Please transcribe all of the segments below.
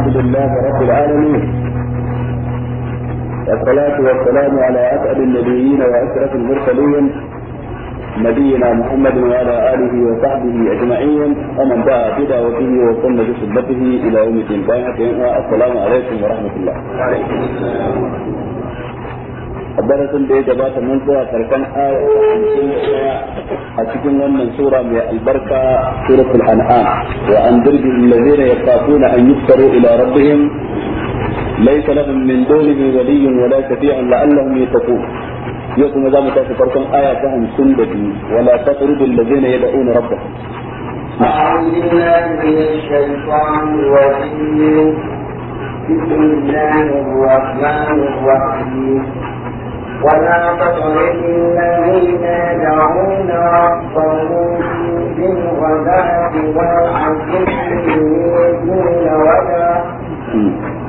الحمد لله رب العالمين والصلاة والسلام على أسأل النبيين وأسرة المرسلين نبينا محمد وعلى آله وصحبه أجمعين ومن دعا بدعوته وسن بسنته إلى أمة الدين السلام عليكم ورحمة الله. a darasin da ya gabata mun tsaya karkan aya a cikin wannan sura mai albarka suratul an'am wa an dirbil ladina yaqafuna an yuftaru ila rabbihim laysa lahum min dunihi waliyyun wala shafi'un la'allahum yattaqun yau kuma za mu tafi farkon aya ta hamsin da biyu wala taqrubu alladhina yad'una rabbahum أعوذ بالله من الشيطان الرجيم بسم الله الرحمن الرحيم ولا تطرد الذين يدعون ربهم بالغداة والعشي يريدون وجهه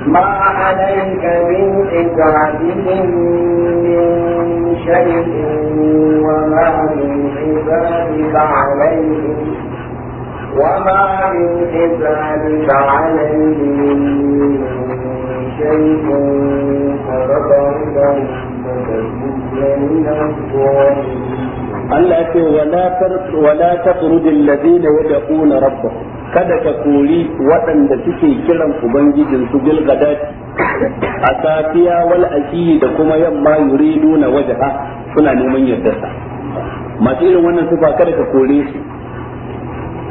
ما عليك من عبادهم من شيء وما من عبادك عليهم وما من عبادك عليهم من شيء فتطردهم Allah ya ce wala tatrudil yad'una rabbahum kada ka kori waɗanda suke kiran ubangijin su bil gadati a safiya wal ashiyi da kuma yamma yuriduna wajha suna neman yardarsa masu irin wannan sufa kada ka kore su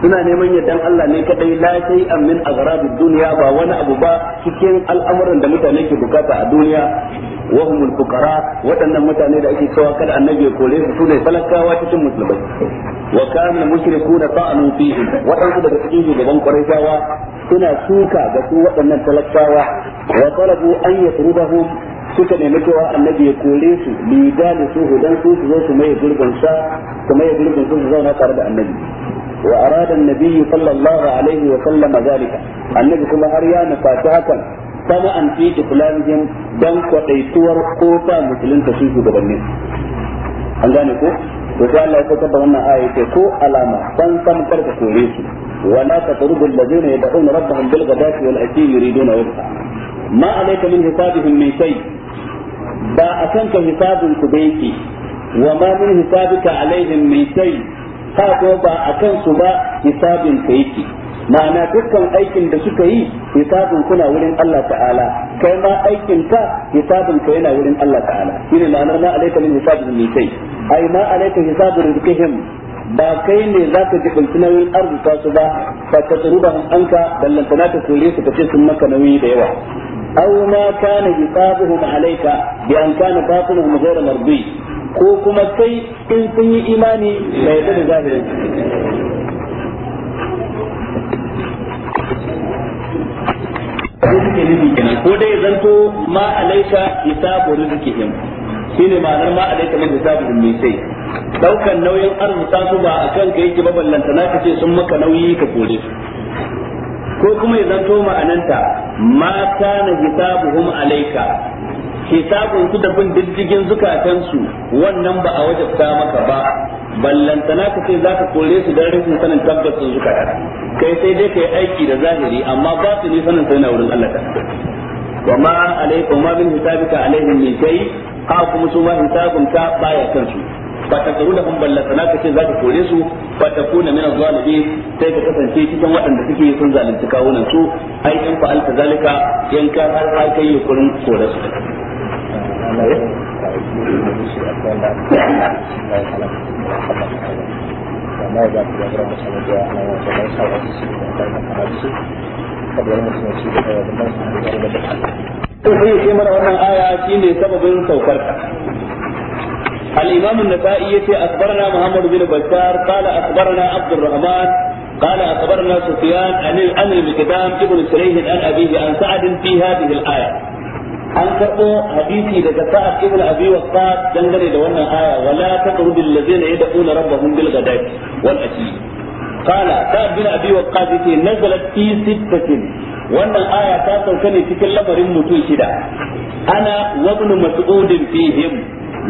suna neman yardan Allah ne kadai la sai an min aghrabid dunya ba wani abu ba cikin al'amuran da mutane ke bukata a duniya wa humul fuqara waɗannan mutane da ake cewa kada annabi ya kore su sune talakawa cikin musulmai wa kana mushrikuna ta'anu fihi waɗansu daga cikin shugaban quraishawa suna suka ga su waɗannan talakawa wa talabu an yasrubahum suka nemi cewa annabi ya kore su li da su hudan su su zo su maye gurbin sa su maye gurbin su su zauna tare da annabi وأراد النبي صلى الله عليه وسلم ذلك النبي طمعا في إسلامهم دم وقيتور تشيك بغنين ya fitar da wannan aya ce ko alama san san karka kore su wala tatrudu alladhina ba ku wa ma min hisabika alaihim min shay ha kuma ba a kansu ba hisabin ka yake ma'ana dukkan aikin da suka yi hisabin kuna wurin Allah ta'ala kai ma aikin ka hisabin ka yana wurin Allah ta'ala shine ma'anar ma alaika min hisabin min sai ai ma alaika hisabu rizqihim ba kai ne za ka ji nauyin arzuta su ba ba ka tsuru ba anka ballantana ta kore su ka ce sun maka nauyi da yawa aw ma kana hisabuhum alayka bi an kana batinuhum ghayra mardi ko kuma sai in sun yi imani da yadda da zahiri kenan ko dai zanto ma alaika hisabu rizqihim shine ne ma alaika min hisabu mai sai daukan nauyin arzuta su ba akan ka yake ba ballanta na kace sun maka nauyi ka kore su ko kuma ya zanto ma'ananta ma kana hisabuhum alaika hisabun su da bin diddigin zukatansu wannan ba a wajabta maka ba ballantana ka sai zaka kore su da rashin sanin tabbacin zukata kai sai dai kai aiki da zahiri amma ba su ne sanin sai na wurin Allah ta wa ma alaikum ma bin hisabika alaihim min kai ka kuma su ma hisabun ka baya kansu ba ta karu da ballantana ka ce zaka kore su ba ta kuna min zalimi sai ka kasance cikin waɗanda suke sun zalunci kawunan su ai in fa'alta zalika ka har kai yukurin kore su الإمام النسائي يتي أخبرنا محمد بن بشار قال أخبرنا عبد الرحمن قال أخبرنا سفيان عن الأمر بكتاب ابن سليه عن أبيه عن سعد في هذه الآية an karɓo hadisi daga sa'ad ibn abi waqqas dangane da wannan aya wala taqrubil ladzina yad'una rabbahum bil ghadati wal ashi qala sa'ad bin abi waqqas yace nazalat fi sittatin wannan aya ta sauka ne cikin lamarin mutum shida ana wa ibn mas'ud fihim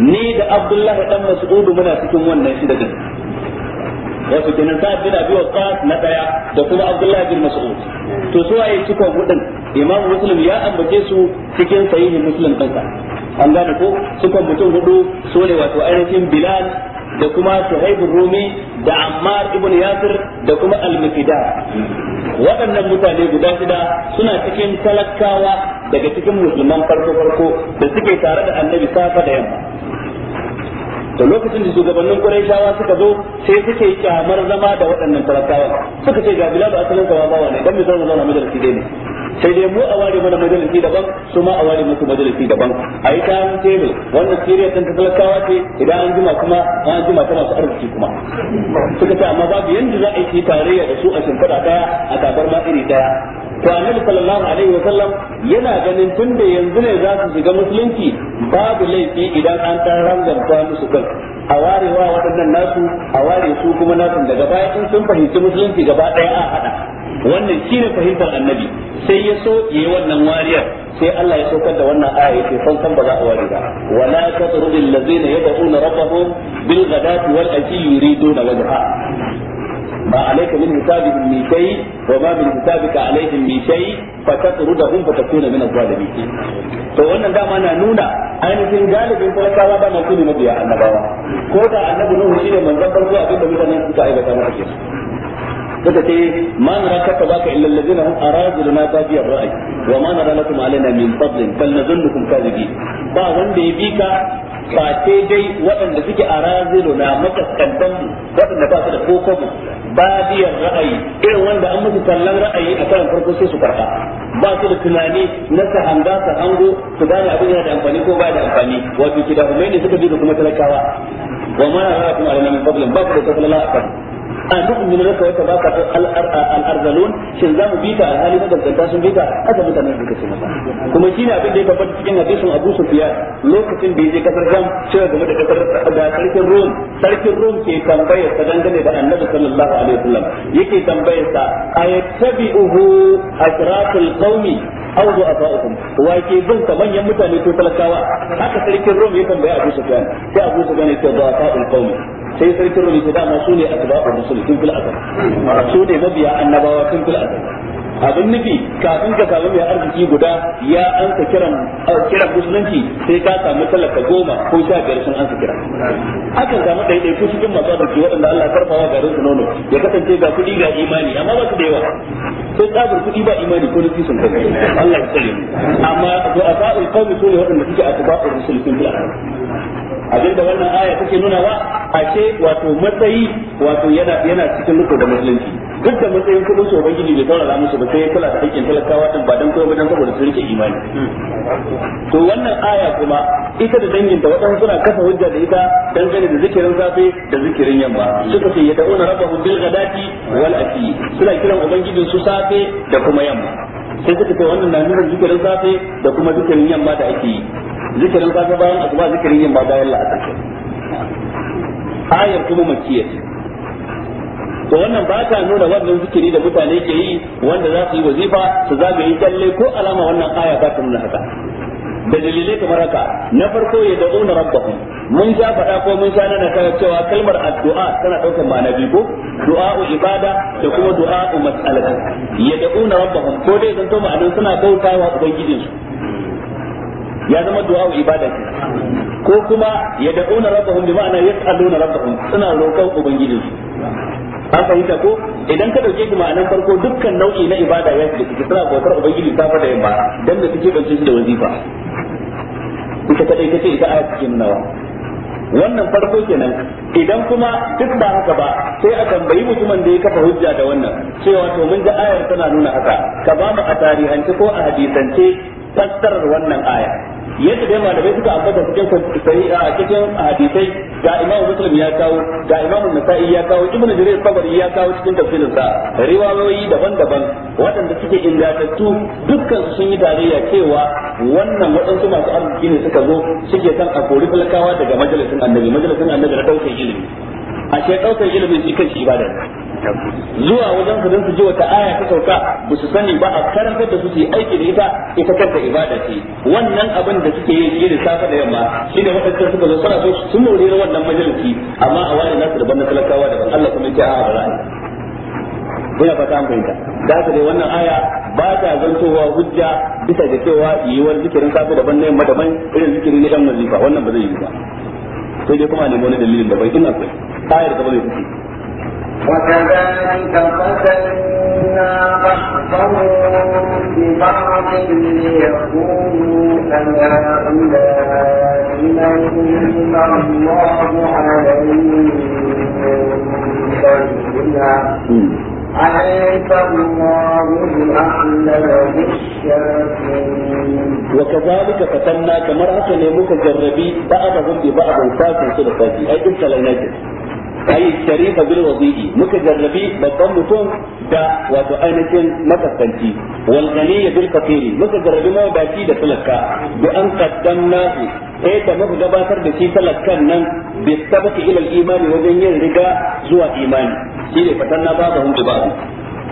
ni da abdullahi dan mas'ud muna cikin wannan shida din wato kenan abin bin abi waqas na daya da kuma abdullahi bin mas'ud to su waye suka hudun imamu muslim ya ambace su cikin sahihi muslim kansa an gane ko kan mutum hudu so ne wato ainihin bilal da kuma suhaib rumi da ammar ibn yasir da kuma al-mufida waɗannan mutane guda shida suna cikin talakawa daga cikin musulman farko farko da suke tare da annabi safa da yamma to lokacin da shugabannin Qurayshawa suka zo sai suke kyamar zama da waɗannan talakawa suka ce ga Bilal asalin kawa ba ne dan mai zama zauna majalisi dai ne sai dai mu a ware mana majalisi daban su ma a ware musu majalisi daban a yi kayan tebul wannan siriya sun ta talakawa ce idan an jima kuma an jima ta masu arziki kuma suka ce amma babu yadda za a yi tarayya da su a shimfiɗa ɗaya a tabar ma iri ɗaya to annabi sallallahu alaihi wasallam yana ganin tun da yanzu ne za su shiga musulunci babu laifi idan an ta ranganta musu kan a warewa waɗannan nasu a ware su kuma nasu daga baya in sun fahimci musulunci gaba ɗaya a haɗa wannan shine fahimtar annabi sai ya so yayi wannan wariyar sai Allah ya saukar da wannan aya yake san san ba za a wari ba wala tatrudil ladzina yad'una rabbahum bil ghadati wal ashi yuriduna wajha ما عليك من حسابهم من شيء وما من حسابك عليهم من شيء فتطردهم فتكون من الظالمين to wannan dama na nuna ainihin galibin talakawa da masu ne mabiya annabawa ko da annabi nuhu shine manzon farko abinda mutanen suka aikata masa kenan suka ce ma nara baka illa hum wa ma nara lakum alaina min fadlin kadhibi ba wanda ya bika ba dai waɗanda suke arazuna makaskantan waɗanda ba su da kokobu ra'ayi irin wanda an musu tallan ra'ayi a karan farko sai su karɓa ba su da tunani na su gane abin yana da amfani ko ba da amfani wato ne suka bi da kuma talakawa wa fadlin ba da anu'minu laka wa tabaka al-arzalun shin zamu bita alhali magabata sun ta bita haka mutanen suka ce masa kuma shine abin da ya tabbata cikin hadisin Abu Sufyan lokacin da yaje kasar Sham cewa game da kasar da sarkin Rom sarkin Rom ke tambayar ta dangane da Annabi sallallahu alaihi wasallam yake tambayar sa ayattabi'uhu ashratul qaumi aw du'afa'ukum wa ke bin sa manyan mutane ko talakawa haka sarkin Rom ya tambaya Abu Sufyan sai Abu Sufyan ya ce du'afa'ul qaumi sai sarkin rumi dama su ne asba'ul tun fil azal su ne mabiya annabawa tun fil abin nufi kafin ka samu mai arziki guda ya ka kiran kira musulunci sai ka samu talaka goma ko sha biyar sun ka kira akan samu ɗaiɗai ko cikin masu arziki waɗanda Allah ya karfawa garin su nono ya kasance ga kuɗi ga imani amma ba su da yawa sai tsabar kuɗi ba imani ko nufi sun kai Allah ya tsare amma a sa'ul qawmi sune waɗanda suke a tabakur musulmin fil abinda wannan aya take nuna wa ashe wato matsayi wato yana yana cikin riko da musulunci duk da matsayin kudin su ubangiji bai taurara musu ba sai kula da aikin talakawa din ba dan koyo ba dan saboda su rike imani to wannan aya kuma ita da danginta waɗansu suna kafa hujja da ita dangane da zikirin safe da zikirin yamma suka ce ya da'una rabbahu bil ghadati wal ashi suna kiran ubangijin su safe da kuma yamma sai suka ce wannan na nuna zikirin safe da kuma zikirin yamma da ake yi zikirin safe bayan asuba zikirin yamma bayan la'asar ayar kuma makiyar to wannan ba ta nuna wannan zikiri da mutane ke yi wanda za su yi wazifa su yi kyalle ko alama wannan aya ba ta nuna haka da dalilai kamar haka na farko ya da'una rabbahum mun sha faɗa ko mun sha nana kana cewa kalmar addu'a tana ɗaukar ma'ana biyu ko du'a'u ibada da kuma du'a'u mas'alata ya da'una rabbahum ko dai zanto ma'anar suna bautawa su ya zama du'a'u ibada ce ko kuma ya da'una rabbahum bi ma'ana yas'aluna rabbahum suna roƙon su an fahimta ko idan ka dauke shi ma'anar farko dukkan nau'i na ibada ya shiga ki suna bautar ubangiji ta da yamma dan da suke dauke shi da wazifa ita kadai kace ita a cikin nawa wannan farko kenan idan kuma duk ba haka ba sai a tambayi mutumin da ya kafa hujja da wannan cewa to mun ji ayar tana nuna haka ka ba mu a tarihance ko a hadisance fassarar wannan aya yadda dai malamai suka ambata cikin sai a cikin hadisai ga imamu muslim ya kawo ga imamu nasa'i ya kawo ibnu jarir tabari ya kawo cikin tafsirin sa riwayoyi daban-daban waɗanda suke ingantattu dukkan sun yi tarayya cewa wannan waɗansu masu arziki ne suka zo suke kan a kori talakawa daga majalisin annabi majalisin annabi na ɗaukar ilimi a ce ɗaukar ilimin shi kan shi ibada zuwa wajen su don su ji wata aya ta sauka ba su sani ba a karantar da su su yi aiki da ita ita kanta ibada ce wannan abin da suke yi shi da safa da yamma shi ne wata suka zo suna so su moriyar wannan majalisi amma a wani nasu daban na talakawa daban Allah kuma ya a ra'ayi ina fata an fahimta da haka dai wannan aya ba ta zantowa hujja bisa da cewa yiwuwar zikirin safa daban na yamma daban irin zikiri na yan wazifa wannan ba zai yi ba sai dai kuma ne wani dalilin daban ina so ayar ba zai fice وكذلك فتنا بعضهم ببعض ليكونوا هؤلاء من الله عليهم عليك الله وكذلك فتنا كما رأت ليموك الجربي بعضهم ببعض فاتوا سلفاتي أي إنت لا ai sharifa bil wadi'i muka jarrabi babban mutum da wato ainihin makasanci wal ghaniy bil faqir muka jarrabi shi da talaka bi an qaddamna sai da muka gabatar da shi talakan nan bi sabaki ila imani wajen yin riga zuwa imani Shi fatan fatanna babu hundu babu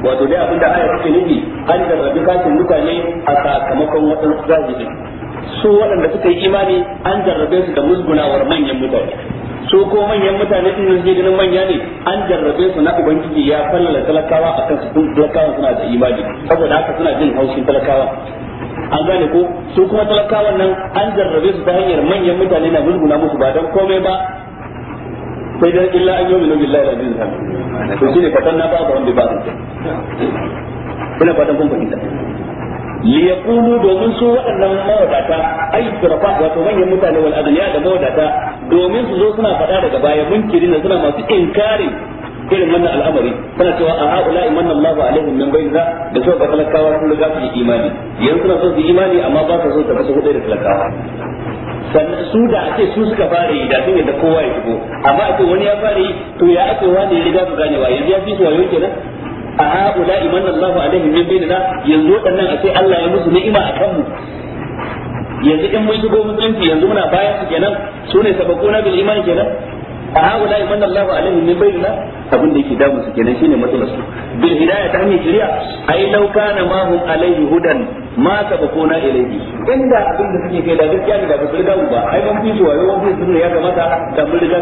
wato dai abinda aya take nufi an jarrabi kashin mutane a sakamakon wadansu zahiri su waɗanda suka yi imani an jarrabe su da musgunawar manyan mutane su ko manyan mutane din nan ganin manya ne an jarrabe su na ubangiji ya fallala talakawa a kan su talakawa suna da imani saboda haka suna jin haushin talakawa an gane ko su kuma talakawan nan an jarrabe su ta hanyar manyan mutane na musguna musu ba dan komai ba sai dan illa an yau nabi Allah ilaha illa to shine fatan na ba ga wanda ba ina fatan kun fahimta li yaqulu domin su waɗannan mawadata ay surafa wato manyan mutane wal adliya da mawadata domin su zo suna faɗa daga baya mun munkirina suna masu inkarin irin wannan al'amari suna cewa a haula imanna Allahu alaihim min bainza da suka talakawa sun riga su yi imani yanzu suna so su imani amma ba su so ta kasu hudu da talakawa sannan su da ake su suka fara yi da sun yadda kowa ya shigo amma ake wani ya fara yi to ya ake wani ya riga su ganewa yanzu ya fi su wayo kenan a haula imanna Allahu alaihim min bainza yanzu waɗannan a ce Allah ya musu ni'ima akan mu yanzu in mun shigo musulunci yanzu muna bayan su kenan su ne na bil iman kenan a da iman Allahu alaihim min bainina abin da yake da su kenan shine matsalar su bil hidayah ta hanyar shari'a ai law kana ma hum alaihi hudan ma na ilaihi inda abin da suke kai da gaskiya da ba su riga ba ai ban fi wayo ban fi ya kamata da mun riga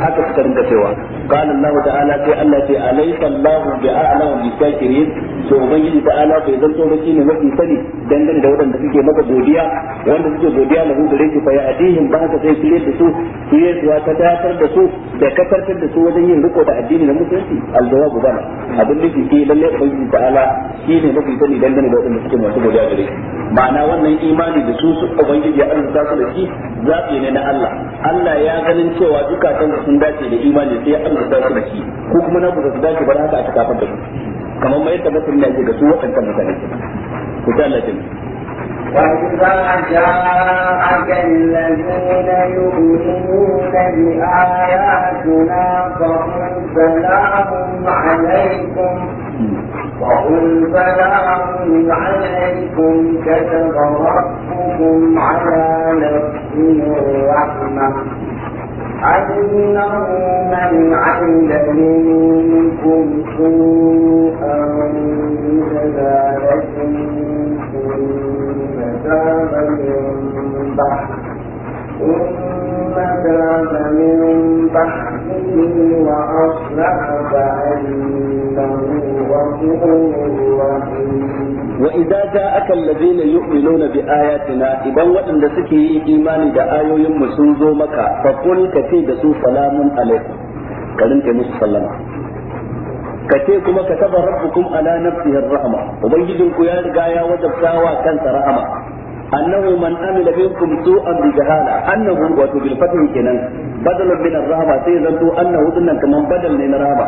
haka suka rinka cewa qala ta'ala sai Allah ce alaysa Allah bi a'lamu bi to ubangiji ta'ala bai zanto ba shine mafi sani dangane da wadanda suke maka godiya wanda suke godiya lahu gare shi fa ba haka sai kire da su kire su ta dafar da su da kafartar da su wajen yin riko da addini na musulunci aljawabu bana abin da ke lalle ubangiji ta'ala shine mafi sani dangane da wadanda suke masu godiya gare ma'ana wannan imani da su su ubangiji ya arzuta su da shi zabi ne na Allah Allah ya ganin cewa dukkan sun dace da imani sai an rubuta su da shi ko kuma na ku su dace ba haka a aka kafin da su kamar mai yadda mutum ne ga su waɗannan mutane ku ta Allah jin وإذا جاءك الذين يؤمنون بآياتنا فقل سلام عليكم وقل سلام عليكم كتب ربكم على نفسه الرحمة أنه من عمل منكم سوءا بجلالة ثم تاب من بعد من بعده وأصلح فإنه غفور رحيم wa idza ja'aka alladhina yu'minuna bi ayatina idan waɗanda suke yi imani da ayoyin mu sun zo maka fa kun ka ce da su salamun alaikum karin ka musu sallama ka ce kuma ka taba rabbukum ala nafsihi rahma ubangijin ku ya riga ya wajabta wa kansa rahama annahu man amila minkum su'an bi jahala annahu wa bil kenan badal min ar-rahma sai zanto annahu dinnan kaman badal ne na rahma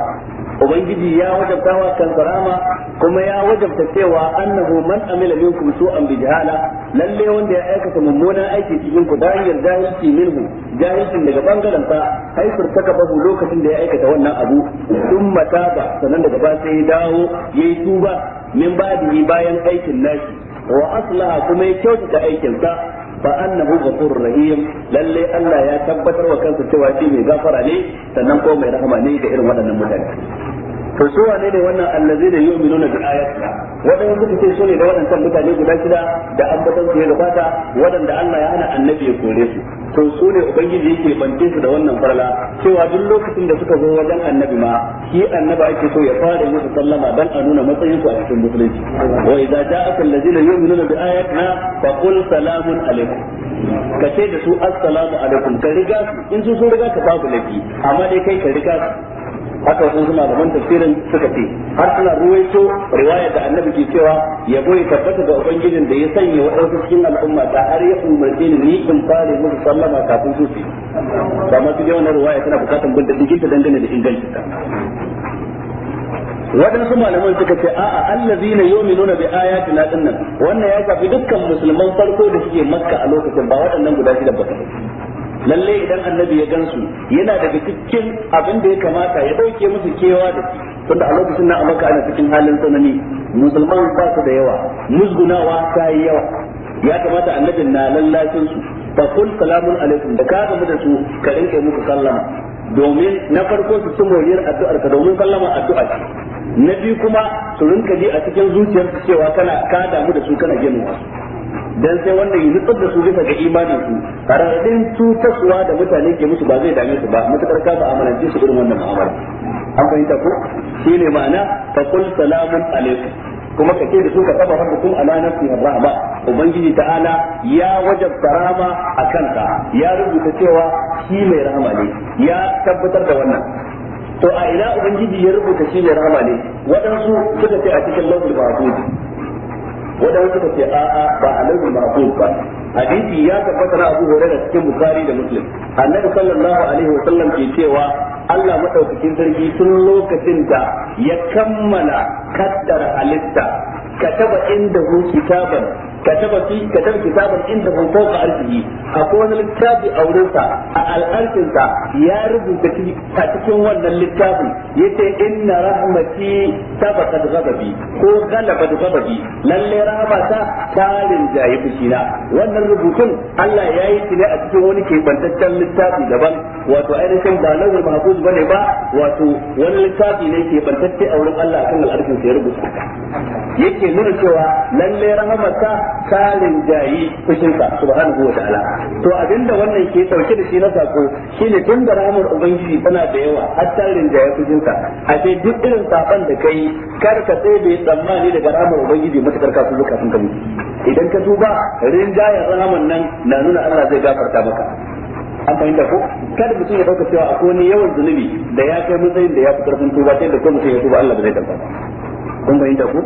ubangiji ya wajabta wa kansarama kuma ya wajabta cewa annahu man amila minkum su'an bi jahala lalle wanda ya aikata mummunan aiki cikin ku da hanyar jahilci minhu jahilcin daga bangaren sa haifar saka bahu lokacin da ya aikata wannan abu thumma mataba sanan daga ba sai ya dawo yayi tuba min badihi bayan aikin nashi wa aslaha kuma ya kyautata aikin sa fa annahu ghafurur rahim lalle Allah ya tabbatar wa kansa cewa shi mai gafara ne sannan ko mai rahama ne ga irin waɗannan mutane to su wane ne wannan allazi da wadanda da mutane guda shida da ambatan su ya gabata Allah ya hana annabi ya kore su to su ne ubangiji yake bance su da wannan farla cewa duk lokacin da suka zo wajen annabi ma shi annaba so ya fara musu sallama dan a nuna matsayin su a cikin musulunci wa idza ja'aka yu'minuna bi ayatina fa qul salamun alaikum ka ce da su assalamu alaikum ka riga in su sun riga ka babu laifi amma dai kai ka riga haka wasu suna zaman tafsirin suka ce har suna ruwaito riwayar da annabi ke cewa ya boye tabbata ga ubangijin da ya sanya ɗansu cikin al'umma da har ya umarce ni ni in fare musu sallama kafin su ce ba ma su je wannan riwaya tana bukatan bin diddigin ta dangane da inganci ta waɗansu malaman suka ce a'a allazina yu'minuna bi ayatina dinnan wannan ya shafi dukkan musulman farko da suke makka a lokacin ba waɗannan guda shida ba lalle idan annabi ya gansu yana daga cikin abin da ya kamata ya dauke musu kewa da shi tunda a lokacin nan a maka ana cikin halin tsanani musulman ba su da yawa musgunawa ta yi yawa ya kamata annabin na lallacin su fa kul salamun alaikum da ka gamu da su ka rinke muku sallama domin na farko su ci moriyar addu'ar ka domin sallama addu'a ce na biyu kuma su rinka ji a cikin zuciyarsu cewa kana ka damu da su kana gemuwa dan sai wannan yi nutsar da su bisa ga imanin su radadin cutarwa da mutane ke musu ba zai dame su ba mutakar ka amana amalance su irin wannan mu'amala an fahimta ko shine ma'ana fa qul salamun alaikum kuma ka ce da su ka saba rabbukum ala nafsi rahma ubangiji ta'ala ya wajab karama a kanka ya rubuta cewa shi mai rahama ne ya tabbatar da wannan to a ila ubangiji ya rubuta shi mai rahama ne waɗansu suka ce a cikin lawful mahfuz wadanda suka ce a'a ba alaihi ma'qul ba hadisi ya tabbata na Abu Hurairah cikin Bukhari da Muslim annabi sallallahu alaihi wa sallam ke cewa Allah madaukakin sarki tun lokacin da ya kammala kaddar halitta kataba inda hu kitaban كتب في كتب كتابا عنده فوق أرشه أكون الكتاب أولوسا الأرشنسا يا رب تكون ولا الكتاب يتي إن رحمتي سبقت غضبي هو غلبت غضبي للي رحمتا كالن جايب شنا وانا الربوتون الله يا يتنى أتكون وني كي بنتكتن الكتاب لبن واتو أين كان بالو المحفوظ بني با واتو وانا الكتاب ne ke bantacce a wurin Allah kan al'arfin sai rubuta yake nuna cewa lalle rahamarsa kalin jayi fushinsa subhanahu wa ta'ala to abinda wannan ke dauke da shi na sako shine tun da ramar ubangiji tana da yawa har tarin jayi fushinsa a ce duk irin saban da kai kar ka sai bai tsammani daga ramar ubangiji matakar ka su kafin sun mutu idan ka tuba rinjayen ramar nan na nuna Allah zai gafarta maka an fahimta ko kada mutum ya dauka cewa akwai wani yawan zunubi da ya kai matsayin da ya fi karfin tuba sai da ko mutum ya tuba Allah ba zai karba kun fahimta ko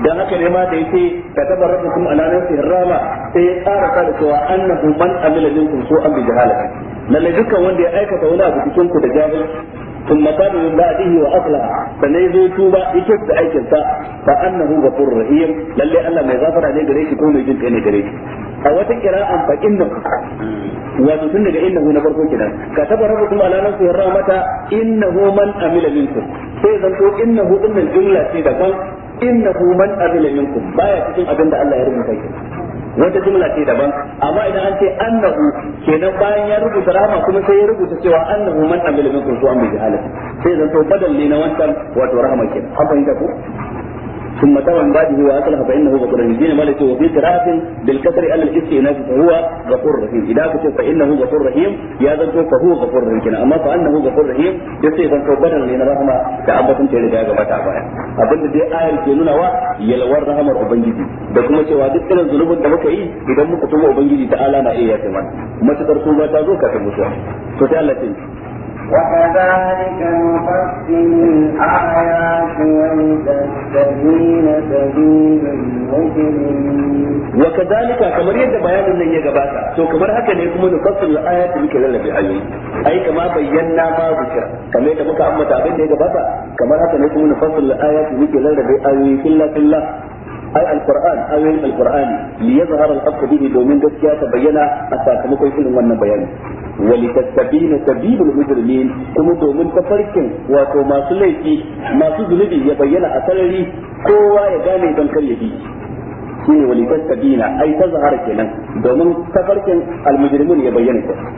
dan haka ne ma da yace ka taba rabbukum ala nafsi rama sai ya tsara ka da cewa annahu man amila minkum su'an bi jahalati lalle dukkan wanda ya aikata wani abu cikin ku da jahilci ثم تاب من بعده واصلح فنيزو توبا يكف da aikin sa fa annahu ghafurur rahim lalle Allah mai gafara ne gare shi ko mai jin kai ne gare shi a wata kira'an fa inna wato tun daga innahu na farko kenan ka taba rabu kuma ala nafsi rahmata innahu man amila minkum sai zan to innahu din jumla ce daban innahu man azila minkum baya cikin abin da Allah ya rubuta ki wata jumla ce daban amma idan an ce annahu kenan bayan ya rubuta rahama kuma sai ya rubuta cewa annahu man azila minkum zuwa mai jahalati sai zan to badal ne na wancan wato rahama kenan haka ne ko ثم ترى من بعده واصلها فانه غفور رحيم دين مالك وفي قراءة بالكسر على الاستئناف فهو غفور رحيم اذا كتب فانه غفور رحيم يا ذنب فهو غفور رحيم كنا اما فانه غفور رحيم يسي ذنب بدل لنا رحمة تعبتن تيري دا غبا تعبايا abinda dai ayar ke nuna wa yalwar rahamar ubangiji da kuma cewa duk irin zulubin da muka yi idan muka tuba ubangiji ta ala na iya yafe mana matukar tuba ta zo kafin mutuwa to sai Allah ya وكذلك نفصل الآيات ولتستبين سبيل المجرمين وكذلك كما يد بيان لن يغباتا تو كما هكا ne kuma نفصل الآيات muke lallabe ayoyi ai kama bayyana ma bukira kamar yadda muka ambata abin da ya gabata kamar haka ne kuma nufasul ayati muke lallabe ayoyi filla ai AlKur'an ayoyin AlKur'ani li yazhara alhaq bihi domin gaskiya ta bayyana a sakamakon irin wannan bayani wa li tastabina sabilul mujrimin kuma domin tafarkin wato masu laifi masu zunubi ya bayyana a sarari kowa ya gane don kar ya bi shine wa li tastabina ai tazhara kenan domin tafarkin almujrimin ya bayyana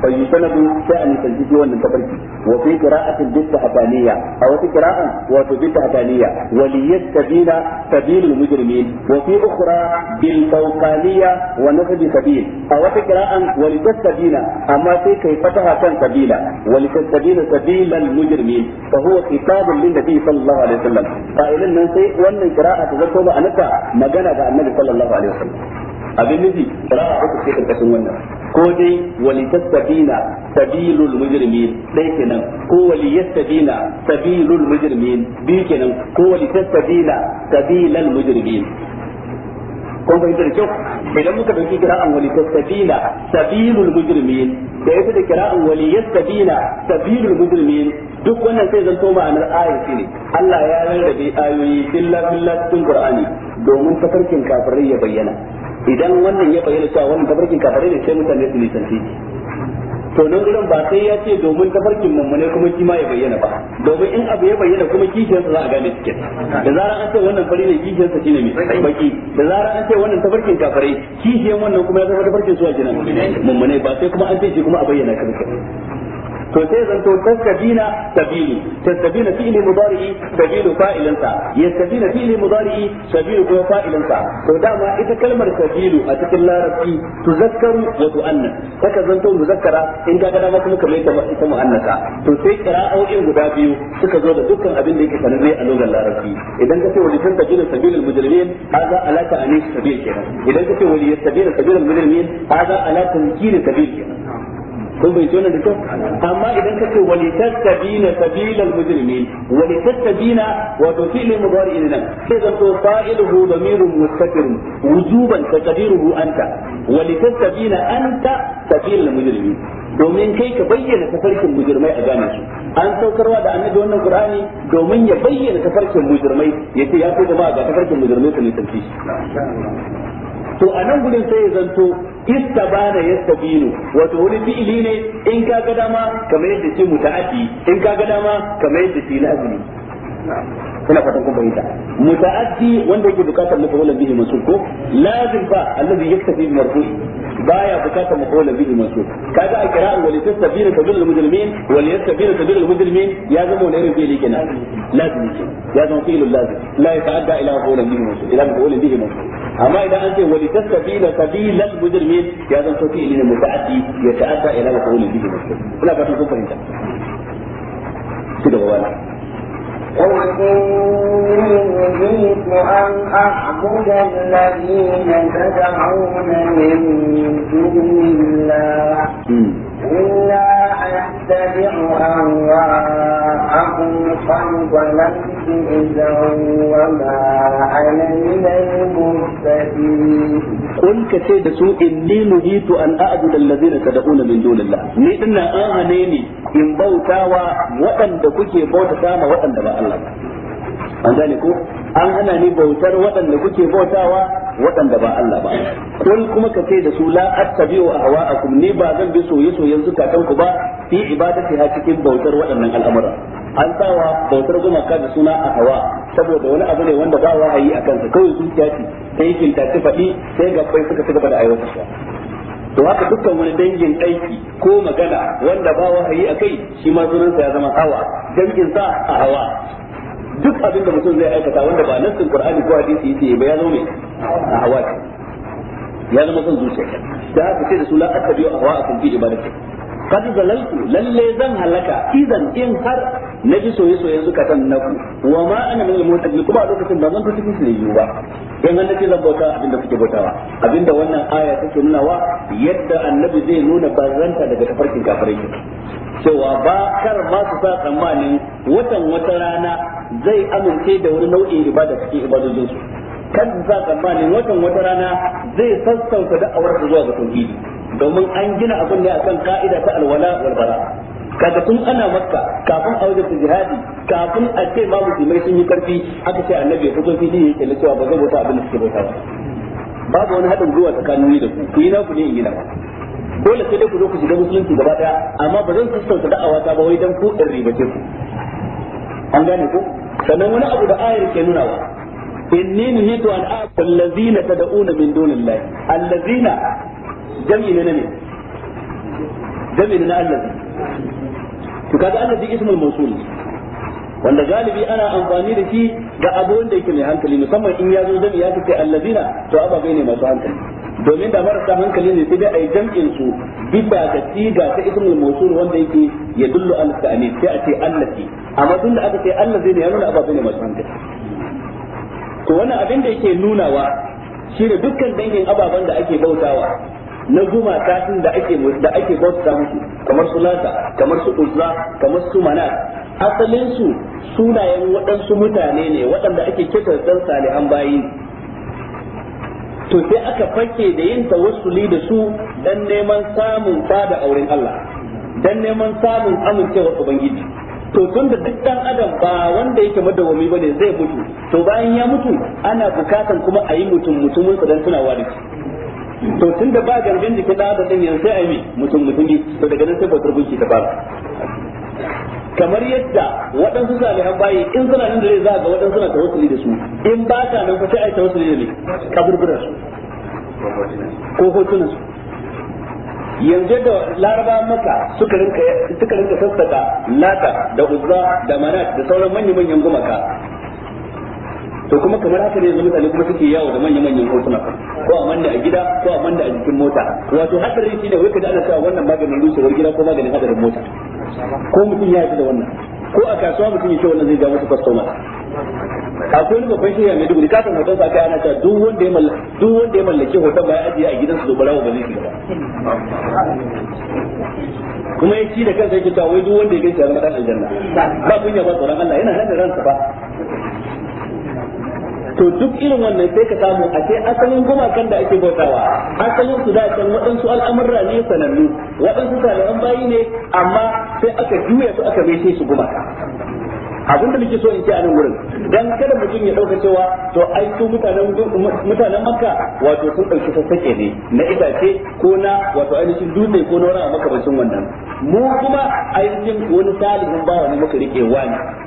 fa yusanabu sai an nisanci shi wannan tafarki wa fi qira'atin bi tahdaniya aw fi qira'an wa fi bi tahdaniya wa liyastabila sabilul mujrimin wa fi ukhra bil fawqaniya wa nasbi sabil aw fi qira'an wa litastabila amma sai kai fataha kan sabila wa litastabila sabilal mujrimin fa huwa khitabun lin nabi sallallahu alaihi wasallam fa idan nan sai wannan qira'a ta zato ma'anarta magana ga annabi sallallahu alaihi wasallam abin nufi kirara uku ce karkashin wannan ko dai walitastabina sabilul mujrimin dai kenan ko walitastabina sabilul mujrimin bi kenan ko walitastabina sabilal mujrimin kun fahimta da kyau idan muka dauki kira'an walitastabina sabilul mujrimin da yake da kira'an walitastabina sabilul mujrimin duk wannan sai zanto ma'anar ayati ne Allah ya rarrabe ayoyi billa billa cikin Qur'ani domin tafarkin kafirai ya bayyana idan wannan ya bayyana cewa wannan tafarkin kafare ne sai mutane su nisanci to nan gudan ba sai ya ce domin tafarkin mummune kuma kima ya bayyana ba domin in abu ya bayyana kuma kishiyarsa za a gane cikin da zarar an ce wannan fari ne kishiyarsa shine mai baki da zarar an ce wannan tafarkin kafare kishiyar wannan kuma ya zama tafarkin suwa kenan mummune ba sai kuma an ce shi kuma a bayyana kafare to sai zan zanto tastabina sabili tastabina fi'li mudari'i sabilu fa'ilinsa yastabina fi'li mudari'i sabilu kuma fa'ilinsa to dama ita kalmar sabilu a cikin larabci tuzakkaru wa tu'annas saka zanto muzakkara in ka ga dama kuma kamar ita ita mu'annasa to sai qira'o'in guda biyu suka zo da dukkan abin da yake sanarre a lugar larabci idan ka ce wa litan tabilu sabilul mujrimin hada alaka anis sabil kenan idan ka ce wa litan tabilu sabilul mujrimin hada alaka tankir sabil kenan kun bai tona da kyau amma idan ka ce wali tattabina sabilal mujrimin wali tattabina wato fi'li mudari ne nan sai zanto fa'iluhu damirun mustatirun wujuban taqdiruhu anta wali tattabina anta sabilal mujrimin domin kai ka bayyana tafarkin mujrimai a gane su an saukarwa da annabi wannan qur'ani domin ya bayyana tafarkin mujrimai yace ya ko jama'a ga tafarkin mujrimai ku ne tafi to a nan gurin sai ya zanto istabana yastabinu wato wani fi'ili ne in ka dama kamar yadda ce muta'addi in ka ga dama kamar yadda shi lazimi kuna fatan kun fahimta muta'addi wanda yake bukatar mafa'ulan bihi mansub ko lazim ba allazi yaktafi bi marfu'i baya bukatar bihi mansub kaga a kira'an mujrimin mujrimin ya zama wani irin fi'li kenan lazim ya zama lazim la yata'adda ila bihi mansub ila bihi mansub amma idan an ce wal tasbira mujrimin ya zama ne muta'addi ya ta'adda ila bihi mansub kuna fatan kun fahimta wala قل إني نهيت أن أعبد الذين تدعون من دون الله إلا أتبع أهواءكم قد ضللت إذا وما أنا من المهتدين قل كتيد سوء إني نهيت أن أعبد الذين تدعون من دون الله ni ina an hane ni in bautawa waɗanda kuke bautata ma waɗanda ba Allah ba an gane ko an hana ni bautar waɗanda kuke bautawa waɗanda ba Allah ba kun kuma ka ce da su la attabi'u ahwa'akum ni ba zan bi soye soyen zukatan ku ba fi ibadati ha cikin bautar waɗannan al'amura an sawa bautar gumaka da suna ahwa saboda wani abu ne wanda ba wahayi a kansa kawai zuciya ce sai kinta ta faɗi sai ga kai suka ci gaba da aiwatarwa to haka dukkan wani dangin aiki ko magana wanda ba wahayi a kai shi ma sunansa ya zama hawa dangin sa a hawa duk abin da mutum zai aikata wanda ba nassin qur'ani ko hadisi yake ba ya zama mai hawa ya zama son zuciya da haka sai da su la attabi'u ahwa'akum fi ibadati qad zalaltu lalle zan halaka idan in har na ji soye-soyen zukatan na ku wa ma ana min mota mutadin kuma a lokacin ba zan ta cikin shirye ba dan nan nake zan bauta abinda kuke bautawa abinda wannan aya take nuna wa yadda annabi zai nuna bazanta daga tafarkin kafirai cewa ba kar ma su sa tsammanin watan wata rana zai amince da wani nau'in ibada cikin su kan sa tsammanin watan wata rana zai sassauta da'awar zuwa ga tauhidi domin an gina abin ne akan ka'ida ta alwala wal bara kaga kun ana makka kafin a wajen jihadi kafin a ce ma musulmai sun yi karfi aka ce annabi ya fito fili yake na cewa ba zai bota abin da suke bauta ba babu wani haɗin gwiwa tsakanin ni da ku ku yi naku ne in yi naku dole sai dai ku zo ku shiga musulunci gaba daya amma ba zan sassauta da'awata ba wai dan ku in ribace ku an gane ku sannan wani abu da ayar ke nuna wa inni nuhitu an aqul allazina tad'una min dunillahi allazina jam'i ne ne jam'i na allazi to kaga annabi ismul mawsul wanda galibi ana amfani da shi ga abu wanda yake mai hankali musamman in ya zo zan ya kace allazina to ababai ne masu hankali domin da marasa hankali ne sai dai ai jam'in su bisa ga tiga ta ismul mawsul wanda yake ya dullu al sa'ani sai a ce allazi amma tun da aka ce allazina ya nuna ababai ne masu hankali to wannan abin da yake nunawa shine dukkan dangin ababen da ake bautawa na gumaka sun da ake da ake bauta musu kamar su lata kamar su uzza kamar su manat asalin su sunayen waɗansu mutane ne waɗanda ake kitar dan salihan bayi to sai aka fake da yin tawassuli da su dan neman samun fada auren Allah dan neman samun amincewar ubangiji to tun da duk dan adam ba wanda yake madawami bane zai mutu to bayan ya mutu ana bukatan kuma a yi mutum mutumin sa dan tunawa da shi to tun da ba garbin jikin da da din yanzu ai mi mutum mutumi to daga nan sai bautar gunki ta fara kamar yadda waɗansu salihan bayi in suna nan da za ga waɗansu na tawassuli da su in ba ta nan sai ai tawassuli da ne kaburburan su ko hotunan su yanzu da laraba maka suka rinka suka rinka sassaka lata da uzza da manat da sauran manyan manyan gumaka to kuma kamar haka ne mutane kuma suke yawo da manyan manyan hotuna ko a manda a gida ko a manda a jikin mota wato hadarin ne wai da ana cewa wannan maganin rushewar gida ko maganin hadarin mota ko mutum ya yi da wannan ko a kasuwa mutum ya ce wannan zai ga masa customer akwai wani babban shirya mai dubu katon hoton sa kai ana cewa duk wanda ya mallaki duk wanda ya mallaki hoton ba ya ajiye a gidansa to barawo ba zai shiga ba kuma ya ci da kansa yake cewa wai duk wanda ya gaisa ya zama dan aljanna ba kunya ba tsoron Allah yana nan da ransa ba to duk irin wannan sai ka samu a ce asalin gumakan da ake bautawa asalin su da waɗansu al'amurra ne sanannu waɗansu talibin bayi ne amma sai aka juya su aka mai su gumaka abin da muke so in ce a nan wurin dan kada mutum ya dauka cewa to ai su mutanen mutanen wato sun dauki sassake ne na itace ko na wato ainihin dutse ko na wani a makamancin wannan mu kuma ainihin wani salihin bawa ne muka rike wani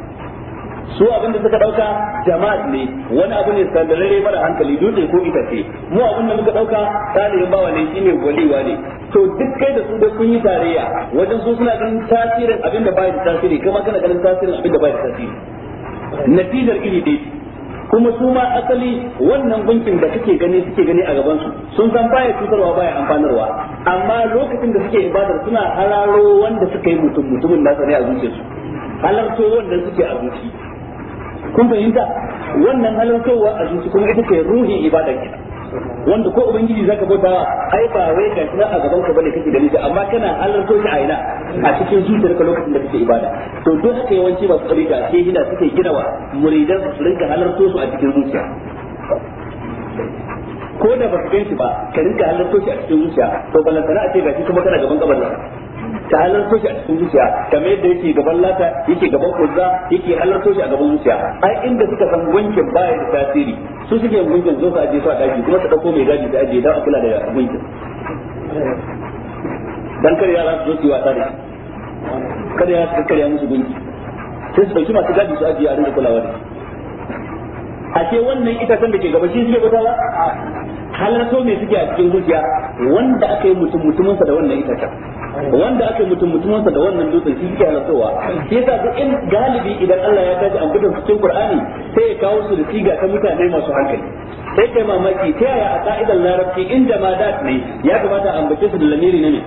su abin da suka dauka jama'a ne wani abu ne sandarare mara hankali dutse ko itace mu abin da muka dauka salihin bawa ne shine waliwa ne to duk kai da su da kun yi tarayya wajen su suna ganin tasirin abin da bai da tasiri kuma kana ganin tasirin abin da bai da tasiri natijar iri dai kuma su ma asali wannan gunkin da kake gani suke gani a gabansu sun san baya cutarwa baya amfanarwa amma lokacin da suke ibadar suna hararo wanda suka yi mutum mutumin nasa ne a zuciyarsu halarto wanda suke a zuci kun fahimta wannan halartowa a zuci kuma ita ce ruhin ibadan kenan wanda ko ubangiji zaka bauta ai ba wai ga kina a gaban ka bane kake da nisa amma kana halarto shi a ina a cikin zuciyarka lokacin da kake ibada to duk haka yawanci masu tsarika ke hina suke ginawa muridan su rinka halarto su a cikin zuciya ko da ba su gan shi ba ka rinka halarto shi a cikin zuciya to balantana a ce shi kuma kana gaban kabarin ta halar shi a cikin zuciya kamar yadda yake gaban lata yake gaban kuzza yake halar shi a gaban zuciya ai inda suka san wankin baya da tasiri su suke wankin zo su aje su a daji kuma su dauko mai daji su aje dan a kula da wankin dan kar yara su zo su yi wasa da shi kar yara su karya musu gunki sai su dauki masu gadi su aje a rinka kulawa da shi wannan ita san da ke gaba shi suke gudawa halarto mai suke a cikin zuciya wanda aka yi mutum mutumansa da wannan ita wanda aka yi mutum mutumansa da wannan dutsen shi suke halartowa shi yasa duk in galibi idan Allah ya kaji ambaton cikin Qur'ani sai ya kawo su da siga ta mutane masu hankali sai kai mamaki ta yaya a ka'idar larabci in jamadat ne ya kamata ambace su da lamiri ne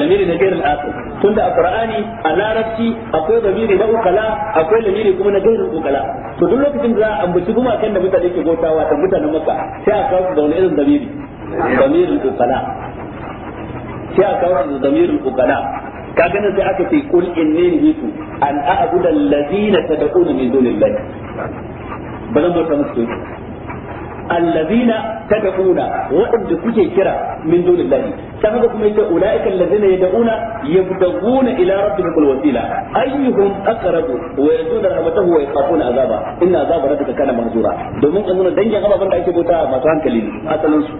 lamiri na gairar asir tunda a qur'ani a larabci akwai lamiri na ukala akwai lamiri kuma na gairin ukala to duk lokacin da za a ambaci gumakan da mutane ke gotawa ta mutanen maka sai a kawo da wani irin lamiri lamirin ukala sai a kawo da lamirin ukala kaga nan sai aka ce kul inni nuhitu an a'budu allazina tad'una min dunillahi bazan bauta musu allazina tad'una waɗanda kuke kira min dunillahi sai ga kuma yace ta allazina yad'una yabtaguna ila rabbihim alwasila ayyuhum aqrabu wa yaduna rahmatahu wa yakhafuna azaba inna azaba rabbika kana mahzura domin an nuna dangin ababan da ake bauta masu hankali asalin su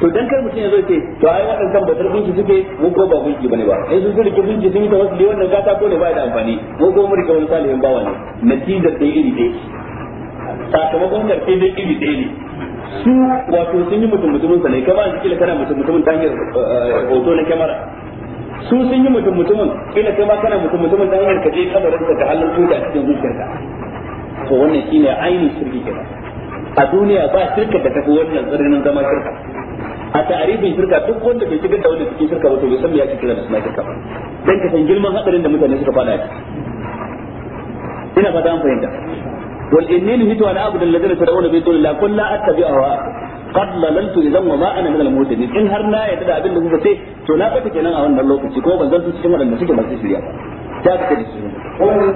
to dan kar mutum ya zo ce to ai waɗannan batar gunki suke mu ko ba bane ba rike sun yi tawassuli wannan gata ko ne ba da amfani mu ko mu rike wani salihin bawa ne natijar iri ɗaya sakamakon da dai iri ɗaya ne su wato sun yi mutum mutumin sa ne kama yanzu kila kana mutum mutumin ta hanyar eh, hoto na kyamara su sun yi mutum mutumin kila kai ma kana mutum mutumin ta hanyar kaje kabarin ka da halin tuta cikin zuciyarka to wannan shine ainihin shirki kira a duniya ba shirka da tafi wannan tsirrin zama shirka a tarihin shirka duk wanda bai shigar da wanda suke shirka ba to bai san me yake kira da suna shirka ba dan ka san girman hadarin da mutane suka fada ina fata an fahimta قل إني نهيت أن أعبد الذين تدعون من دون الله قل لا أتبع هواءكم قد ضللت إذا وما أنا من المهتدين إن هرنا يتدعى بالله هو تو لا كنا عن أن الله كنت كوبا زلت سكما لما سكما سيسريا تابت قل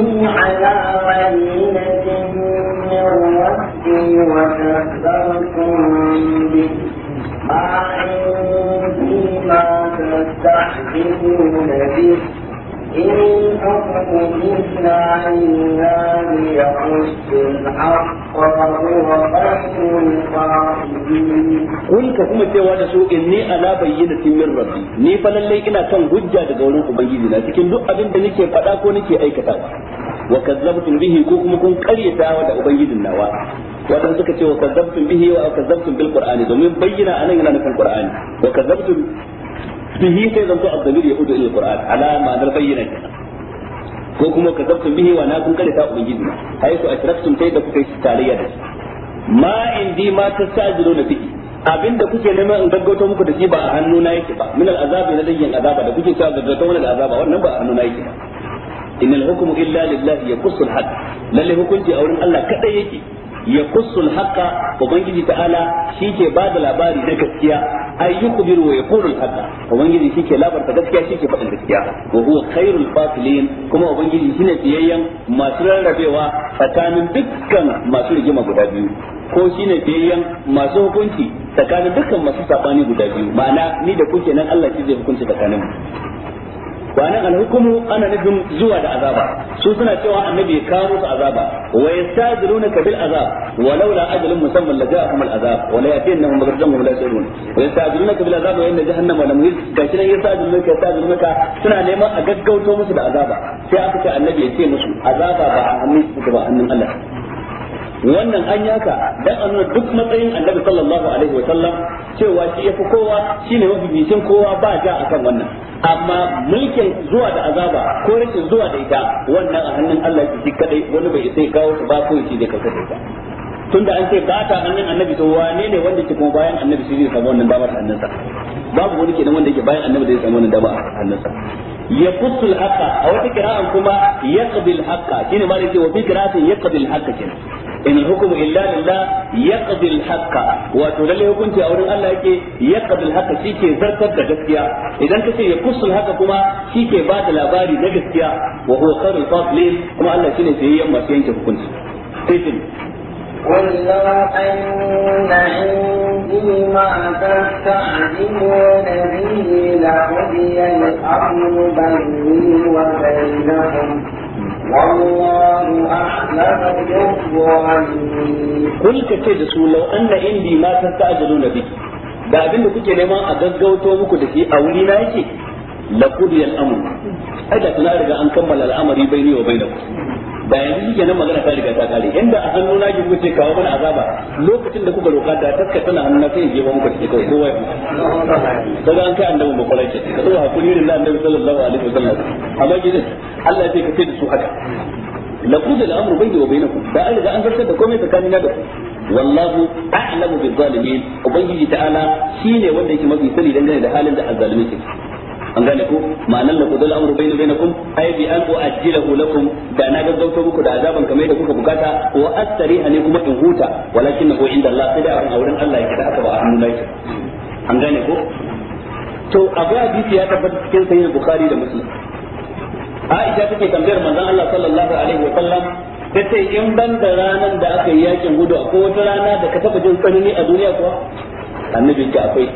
إني على بينة من ربي وكذبتم به ما عندي ما تستحقون به Kun ka kuma cewa da su ni ala bayyinatin min rabbi ni fa lallai ina kan hujja daga wurin ubangiji na cikin duk abin da nake faɗa ko nake aikata wa kazzabtum bihi ko kuma kun karyatawa da ubangijin nawa wadanda suka ce wa kazzabtum bihi wa kazzabtum bil qur'ani domin bayyana anan yana nufin qur'ani wa kazzabtum bihi sai zanto azzamir ya udu ila alquran ala ma'anar bayyana ko kuma ka zabta bihi wa na kun karanta ubangiji ai ku ashraktum sai da kuka yi tarayya da ma indi ma na fihi abinda kuke neman in gaggauta muku da shi ba a hannu na yake ba min al'azabi na dayyan azaba da kuke cewa gaggauta wani da azaba wannan ba a hannu na yake ba innal hukmu illa lillahi yaqussul had lalle hukunci a wurin Allah kadai yake ya kussul haqqa ubangiji ta'ala ke ba da labari na gaskiya ay yukhbiru wa yaqulu al-haqqa ubangiji shike labarta gaskiya shike faɗin gaskiya wa huwa khairul fasilin kuma ubangiji shine biyayyen masu rarrabewa tsakanin dukkan masu rigima guda biyu ko shine biyayyen masu hukunci tsakanin dukkan masu saɓani guda biyu ma'ana ni da kuke nan Allah shi zai hukunci tsakanin mu ba nan alhukumu ana nufin zuwa da azaba su suna cewa annabi karo su azaba wa yastaziruna ka bil azab wa laula ajalun musamman la ja'akum al azab wa la yatihim maghridan wa la yasirun wa yastaziruna ka bil azab wa inna jahannama la muhit gashi nan yastaziruna ka yastaziruna ka suna neman a gaggauto musu da azaba sai aka ce annabi ya ce musu azaba ba a hannun su ba hannun Allah wannan an yaka dan a nuna duk matsayin annabi sallallahu alaihi wa wasallam cewa shi fi kowa shine bishin kowa ba ja a kan wannan amma mulkin zuwa da azaba ko rashin zuwa da ita wannan a hannun Allah shi kadai wani bai sai kawo su ba ko shi da kasa da ita tunda an ce ba ta hannun annabi to wane ne wanda ke kuma bayan annabi shi zai samu wannan damar hannunsa babu wani kenan wanda ke bayan annabi zai samu wannan damar hannunsa ya fusul haka a wata kira'an kuma yaqbil haka shine ma ne ce wa fi qira'atin yaqbil haka kenan in hukumu illa lillah yaqdi al-haqqa wato lalle hukunci a wurin Allah yake yaqdi al-haqqa shike zartar da gaskiya idan kace ya kusul haka kuma shike ba da labari na gaskiya wa huwa khairul fasilin kuma Allah shine sai ya masu yanke hukunci sai قل لو أن عندي ما تستعجلون به لقضي الأمر بيني وبينهم kun ka ce da su lau na indi ma san ta'ajalu na biki da abin da kuke neman a gaggauto muku da shi a wuri na yake la qudiyal amr ai da tana riga an kammala al'amari bai ne wa bainakum ba yanzu yi kenan magana ta riga ta kare inda a hannu na gibu ce kawo mana azaba lokacin da kuka roka da taska tana hannu na sai yiwa muku cikin kawai kowa ta ga an kai annabi ba kwarai ce ka zuwa hakuri ne na annabi sallallahu alaihi wa sallam amma gidan Allah ya ce ka ce da su haka la kuzul amru bayni wa bainakum da an riga an zartar da komai tsakanin na da ku wallahu a'lamu bil zalimin ubangiji ta'ala shine wanda yake mafi sani dangane da halin da azzalimi ke ciki an gane ku ma'anar la qudul amru bayna bainakum ay bi an uajjilahu lakum da na gaggauto muku da azaban kamar da kuka bukata wa astariha ne kuma in huta walakin na ko inda Allah sai da a wurin Allah ya kada aka ba a hannun an gane ku to abu hadisi ya tabbata cikin sahih bukhari da muslim Aisha take tambayar manzon Allah sallallahu alaihi wa sallam tace in ban da ranar da aka yi yakin gudu akwai wata rana da ka taba jin tsanani a duniya kuwa annabi ki akwai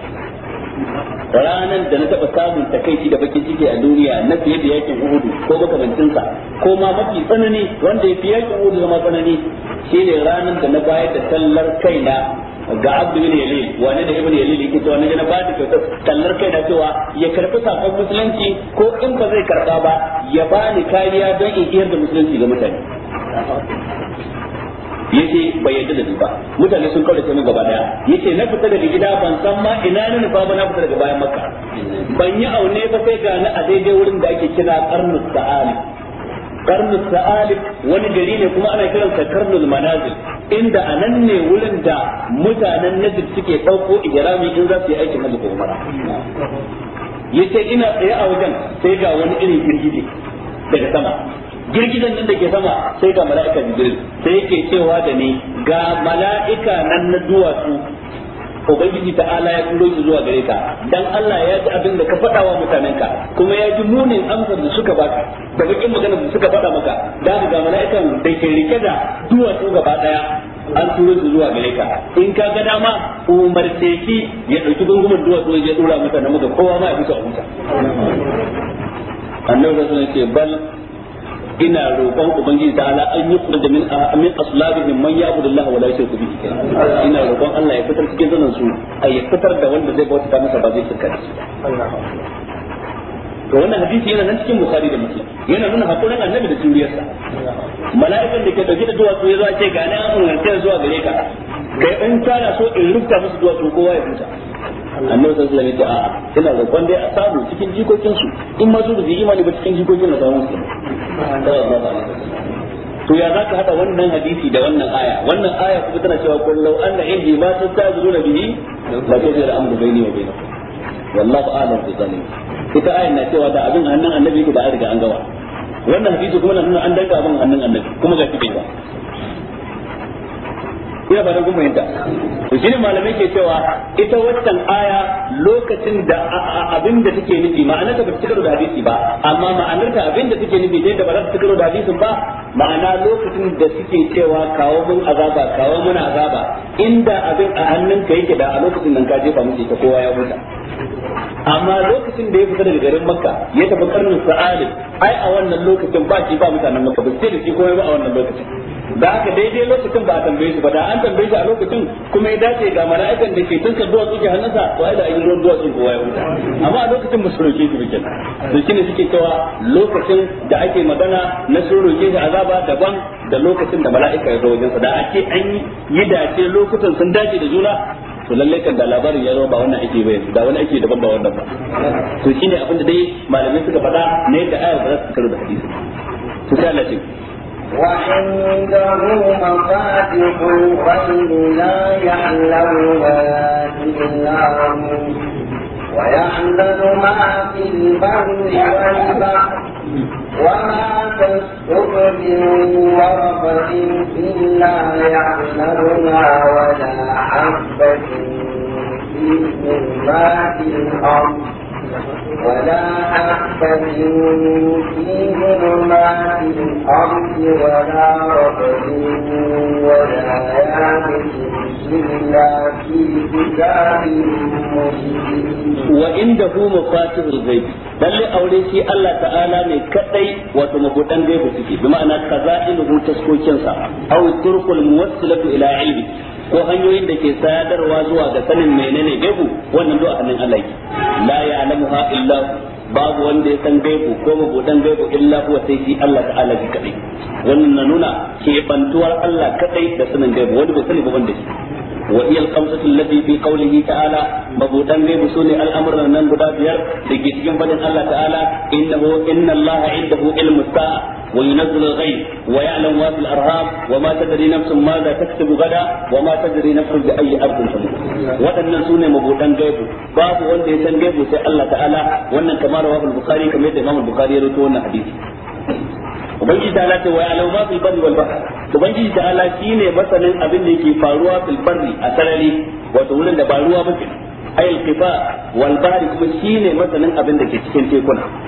ranan da na taba samun takaici da bakin ciki a duniya na fiye da yakin uhudu ko makamancinsa ko ma mafi tsanani wanda ya fi yakin uhudu zama tsanani shine ranan da na bayar da tallar kaina ga abdu bin yalil wani da ibn yalil yake cewa na ba da kyautar tallar kai na cewa ya karbi sakon musulunci ko in ba zai karba ba ya bani kariya don in iyar da musulunci ga mutane yace bai yadda da ba mutane sun kaurace min gaba daya yace na fita daga gida ban san ma ina ne nufa ba na fita daga bayan makka ban yi aune ba sai ga ni a daidai wurin da ake kira karnus sa'ali karnus sa'ali wani gari ne kuma ana sa karnul manazil inda a ne wurin da mutanen najib suke dauko ihrami in za su yi aikin hajji ko umara yace ina tsaye a wajen sai ga wani irin girgije daga sama girgizan din da ke sama sai ga mala'ika jibril sai yake cewa da ni ga mala'ika nan na duwatsu ubangiji ta ala ya turo shi zuwa gare ka dan Allah ya ji abin da ka faɗa wa mutanenka kuma ya ji munin amsar da suka baka da kin magana da suka faɗa maka da ga mala'ikan da ke rike da duwatsu gaba daya an turo su zuwa gare ka in ka ga dama umarce shi ya dauki gungumin duwatsu ya dora mutane muka kowa ma ya fita a huta annabi sallallahu ce bal ina roƙon ubangiji ta ala an yi da min ah, min aslabihim man ya'budu Allah wa la yushriku bihi ina roƙon Allah ya fitar cikin zanan su ay fitar da wanda zai bauta masa ba zai shirka da to wannan hadisi yana nan cikin bukhari da muslim yana nuna hakurin annabi da juriyarsa mala'ikan da ke dauke da duwatsu ya zo ce ga nan an umarce zuwa gare ka kai in kana so in rubuta musu zuwa to kowa ya huta annabi sallallahu alaihi wasallam ya ce ina roƙon dai a samu cikin jikokin su in ma su bi imani ba cikin jikokin na samu su to ya zaka hada wannan hadisi da wannan aya wannan aya kuma tana cewa qul law anna indi ma tastazuruna bihi la tajra amru baini wa bainakum wallahu a'lam bi zalim ita ayan na cewa da abin hannun annabi yake da an riga an gawa wannan hadisi kuma na an danga abin hannun annabi kuma ga shi ba ina ba da kuma yadda. to ne malamai ke cewa ita wannan aya lokacin da abinda take nufi ma'anar ta bata da hadisi ba amma ma'anar ta abinda take nufi dai da ba za ta karo da hadisin ba ma'ana lokacin da suke cewa kawo mun azaba kawo mun azaba inda abin a hannun ka yake da a lokacin nan ka jefa musu ta kowa ya huta amma lokacin da ya fita daga garin makka ya tafi karnin sa'ali ai a wannan lokacin ba shi ba mutanen makka ba sai da shi komai ba a wannan lokacin da aka daidai lokacin ba a tambaye su ba da an tambaye shi a lokacin kuma ya dace ga mala'ikan da ke ka duwatsu ke hannunsa to ai da an ruwan duwatsu kowa ya huta amma a lokacin ba su roke shi bikin to shine suke cewa lokacin da ake magana na su roke shi azaba daban da lokacin da mala'ika ya zo wajen sa da ake an yi dace lokutan sun dace da juna to lallai kan da labarin ya zo ba wannan ake bai da wani ake daban ba wannan ba to shine abin da dai malamai suka faɗa ne da ayar da za su karu da hadisi to sai Allah وعنده مفاتح الغيب لا يعلمها إلا هو ويعلم ما في البر والبحر وما تسقط من ورقة إلا يعلمها ولا حبة في ظلمات الأرض ولا تحتملوا في ظلمات الأرض ولا رطب ولا يابس إلا في كتاب وعنده مفاتح الغيب lalle aure shi Allah ta'ala ne kadai wato mabudan gaibu suke bi ma'ana kaza'iluhu taskokinsa aw turqul muwassilatu ila ilmi ko hanyoyin da ke sadarwa zuwa ga sanin menene gebu wannan zuwa hannun Allah yake la ya'lamuha illa babu wanda ya san gebu ko mabudan gebu illa huwa sai shi Allah ta'ala kadai wannan nuna ke bantuwar Allah kadai da sanin gebu Wani bai sani ba wanda shi وهي الخمسة التي في قوله تعالى مبوطن لي بسوني الأمر لنن بابير لكي تجنبن الله تعالى إنه إن الله عنده علم الساعة وينزل الغيب ويعلم ما في وما تدري نفس ماذا غدا وما تدري نفس تموت babu wanda ya san gaibu sai Allah ta'ala wannan kamar rawahu al-bukhari kamar yadda Imam al ya rawaito wannan hadisi ubangiji ma ubangiji ta ala shine masanin abin da yake faruwa fil a sarari wato wurin da ba ruwa ba kenan ayil qifa wal shi kuma shine masanin abin da ke cikin tekuna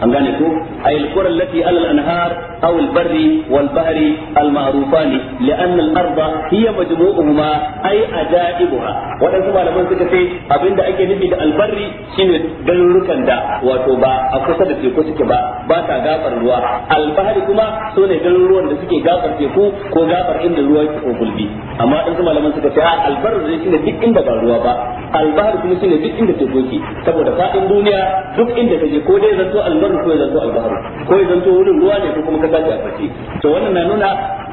an gane ko ay al-qura allati ala al-anhar aw al-barri wal-bahri al-ma'rufan li'anna al-arda hiya majmu'uhuma ay ajaibuha wadansu malaman suka ce abinda ake nufi da al-barri shine garurukan da wato ba a kusa da teku suke ba ba ta gafar ruwa al-bahri kuma sune garuruwan da suke gafar teku ko gafar inda ruwa ko gulbi amma dan malaman suka ce al-barri shine duk inda ba ruwa ba albahar kuma shine duk inda teku yake saboda fadin duniya duk inda je, ko dai zanto albaru ko zanto albahar ko zanto wurin ruwa ne ko kuma ka tafi a farce to wannan na nuna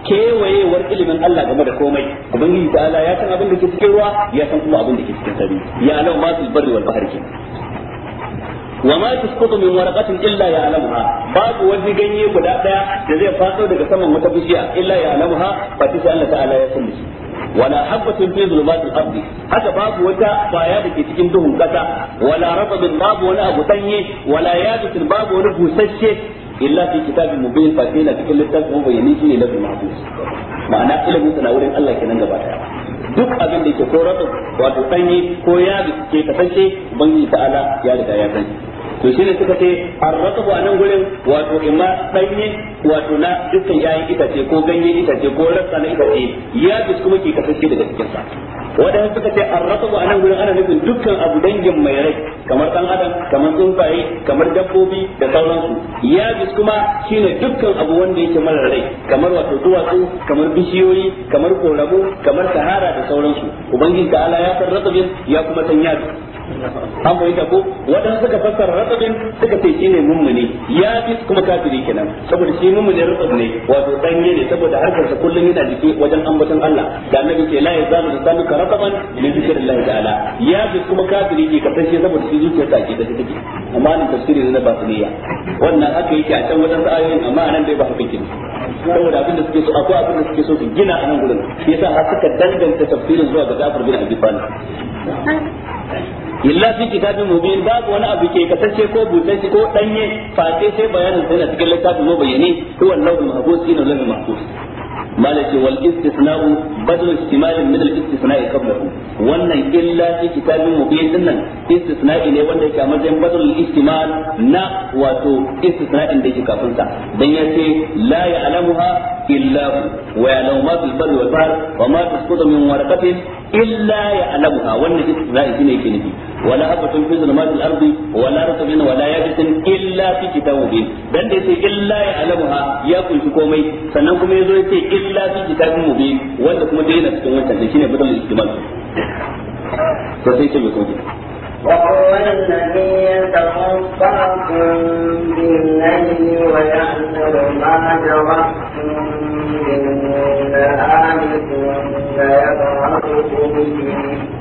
kewayewar ilimin Allah game da komai ubangiji Allah ya san abin da ke cikin ruwa ya san kuma abin da ke cikin sari ya alau ma fil barri wal bahri وما تسقط من ورقة إلا يعلمها Babu وزي ganye guda daya da zai faso daga saman wata bishiya illa ya alamuha fa tisa Allah ta'ala ya san shi wala habatin fi zulumatil ardi haka babu wata kwaya da ke cikin duhun kasa wala rabbin wani abu danye wala yabisin babu wani busasshe illa fi kitabin mubin fa sai na cikin Allah kenan gaba duk abin da ke ko rabbin wato ko yabi ke kasance ubangiji ta'ala ya riga ya sani to shi ne suka ce a nan gurin wato imma ɗanye wato na dukkan yayin itace ko ita itace ko rassa na itace ya bis kuma ke kasance daga cikin sa wadanda suka ce arrakabu a nan gurin ana nufin dukkan abu dangin mai rai kamar dan adam kamar tsuntsaye kamar dabbobi da sauransu ya bis kuma shine dukkan abu wanda yake mara rai kamar wato duwatsu kamar bishiyoyi kamar koramu kamar sahara da sauransu ubangiji ta ala ya san rakabin ya kuma san yadu an yi ta ko wadan suka fassara rasabin suka ce shine mummuni ya fi kuma kafiri kenan saboda shi mummuni ratsab ne wato danye ne saboda harkar sa kullun yana jiki wajen ambaton Allah da annabi ce la yazalu lisanu ka ratsaban min da ta'ala ya fi kuma kafiri ne shi saboda shi zuciyar ta ke da take amma nan tafsiri ne na basiriya wannan haka yi a can wajen ayoyin amma anan bai ba haka yake saboda abin da suke so akwai abin da suke so su gina a nan gurin yasa har suka danganta tafsirin zuwa ga Ja'far bin Abi illa fi kitabin mubin babu wani abu ke kasance ko butacce ko danye face sai bayanin sai na cikin littafin mu bayyane huwa lawhul mahfuz shine lawhul mahfuz malaki wal istisna'u badal ihtimal min al istisna'i qablahu wannan illa fi kitabin mubin dinnan istisna'i ne wanda yake a matsayin badal ihtimal na wato istisna'in da yake kafin sa dan yace la ya'lamuha illa hu wa ya'lamu ma fil barri wal bahr wa ma tasqutu min waraqatin illa ya'lamuha wannan istisna'i shine yake nufi ولا أب في ظلمات الأرض ولا رطب ولا يابس إلا في كتابه بل يتي إلا يعلمها يأكل شكومي سنكم يزويتي إلا في كتاب مبين ولكم دينا سكومة تنسيني بطل الاستمال فسيسي بكم جدا وقال النبي تصدقكم بالليل ويحذر ما جرحتم بالنهار ثم يبعثكم به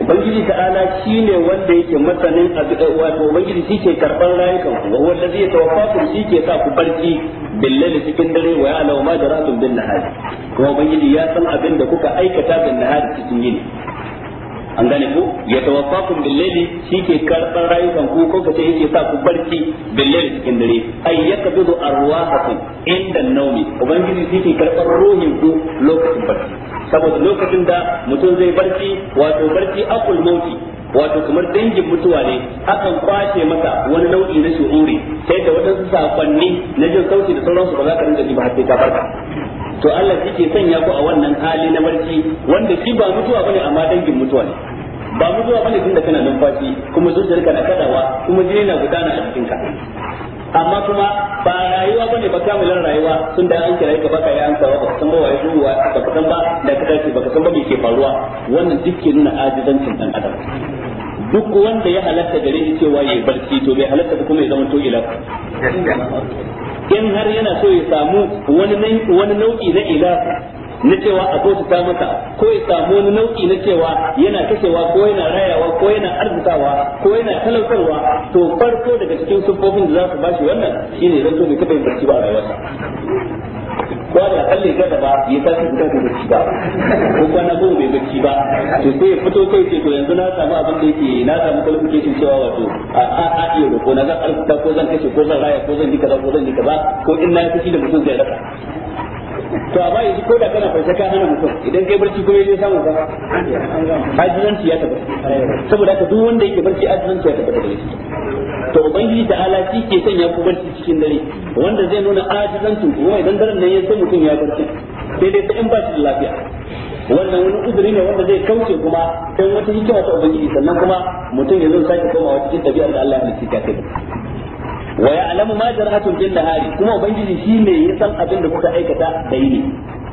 ubangiji ta'ala ne wanda yake masanin eh, wato ubangiji shi ke karban rayukan ku wa tawafa ku shi ke sa ku barci billahi cikin dare wa ya'lamu ma binna bin nahar kuma ubangiji ya san abin da kuka aikata bin nahar cikin yini an gane ku ya tawaffakum shi shike karban rayukan ku ko kace yake sa ku barci billaili cikin dare ay yakbidu arwahakum inda naumi ubangiji shike karban ruhin ku lokacin barci saboda lokacin da mutum zai barci wato barci akul mauti wato kamar dangin mutuwa ne akan kwashe masa wani nau'i na shu'uri sai da wadansu sakonni na jin sauti da sauransu ba za ka rinka ji ba har sai ka barka to Allah yake sanya ku a wannan hali na barci wanda shi ba mutuwa bane amma dangin mutuwa ne ba mutuwa bane tunda kana numfashi kuma ka na kadawa kuma jini na gudana a ka amma kuma ba rayuwa bane ba kamilan rayuwa sun da an kira ka baka yi amsa ba san ba wai duwa ba san ba da ka dace ba san ba me ke faruwa wannan duk nuna ajizancin dan adam duk wanda ya halatta gare shi cewa yayi barci to bai halatta ba kuma ya zama to ila in har yana so ya samu wani wani nau'i na ila na cewa a ta masa ko ya samu wani nau'i na cewa yana kashewa ko yana rayawa ko yana arzikawa ko yana talautarwa to farko daga cikin sufofin da za su bashi wannan shine zan so ne kafa yin barci ba a rayuwarsa ko da kalle gada ba ya tashi fita ko bacci ba ko kwana goma bai bacci ba to sai ya fito kai ce to yanzu na samu abin da yake na samu qualification cewa wato a a iya roƙo na zan alkuta ko zan kashe ko zan raya ko zan yi ko zan yi ba ko in na kashi da mutum zai to amma yanzu ko da kana farce ka hana mutum idan kai barci kuma yaje samu ka hajjinanci ya tabbata saboda haka duk wanda yake barci hajjinanci ya tabbata to ubangiji ala shi ke sanya ku barci cikin dare wanda zai nuna ajizantu kuma idan daren nan ya sai mutum ya barci sai dai ta in ba shi lafiya wannan wani uzuri ne wanda zai kauce kuma dan wata hikima ta ubangiji sannan kuma mutum ya zo sake komawa cikin tabi'ar da Allah ya halitta ta kai wa ya'lamu ma jarhatun bin nahari kuma ubangiji shi ne ya san abin da kuka aikata da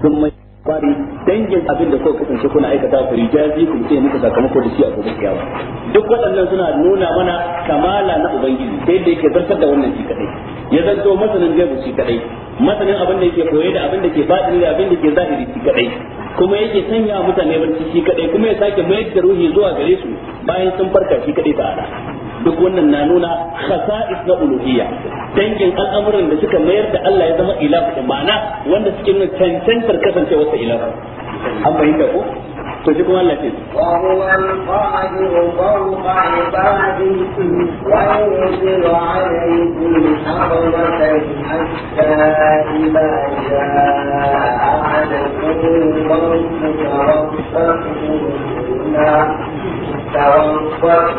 kuma bari dangin abin da kuka kasance kuna aikata su rijazi ku sai muku sakamako da shi a gobe kiyama duk waɗannan suna nuna mana kamala na ubangiji sai da yake zartar da wannan shi kadai ya zanto masanin gaibu shi kadai masanin abin da yake koye da abin da ke batini da abin da ke zahiri shi kadai kuma yake sanya mutane barci shi kadai kuma ya sake mayar da ruhi zuwa gare su bayan sun farka shi kadai ta'ala duk wannan na nuna khasa'is na uluhiyya dangin al'amuran da suka mayar da Allah ya zama ilah ma'ana wanda suke nuna cancantar kasancewarsa ilah an bayyana ko to ji kuma Allah ce wa huwa al-qadir fawqa ibadihi wa yursilu alaykum hawalan hatta idha jaa ahadukum wa rabbukum wa huwa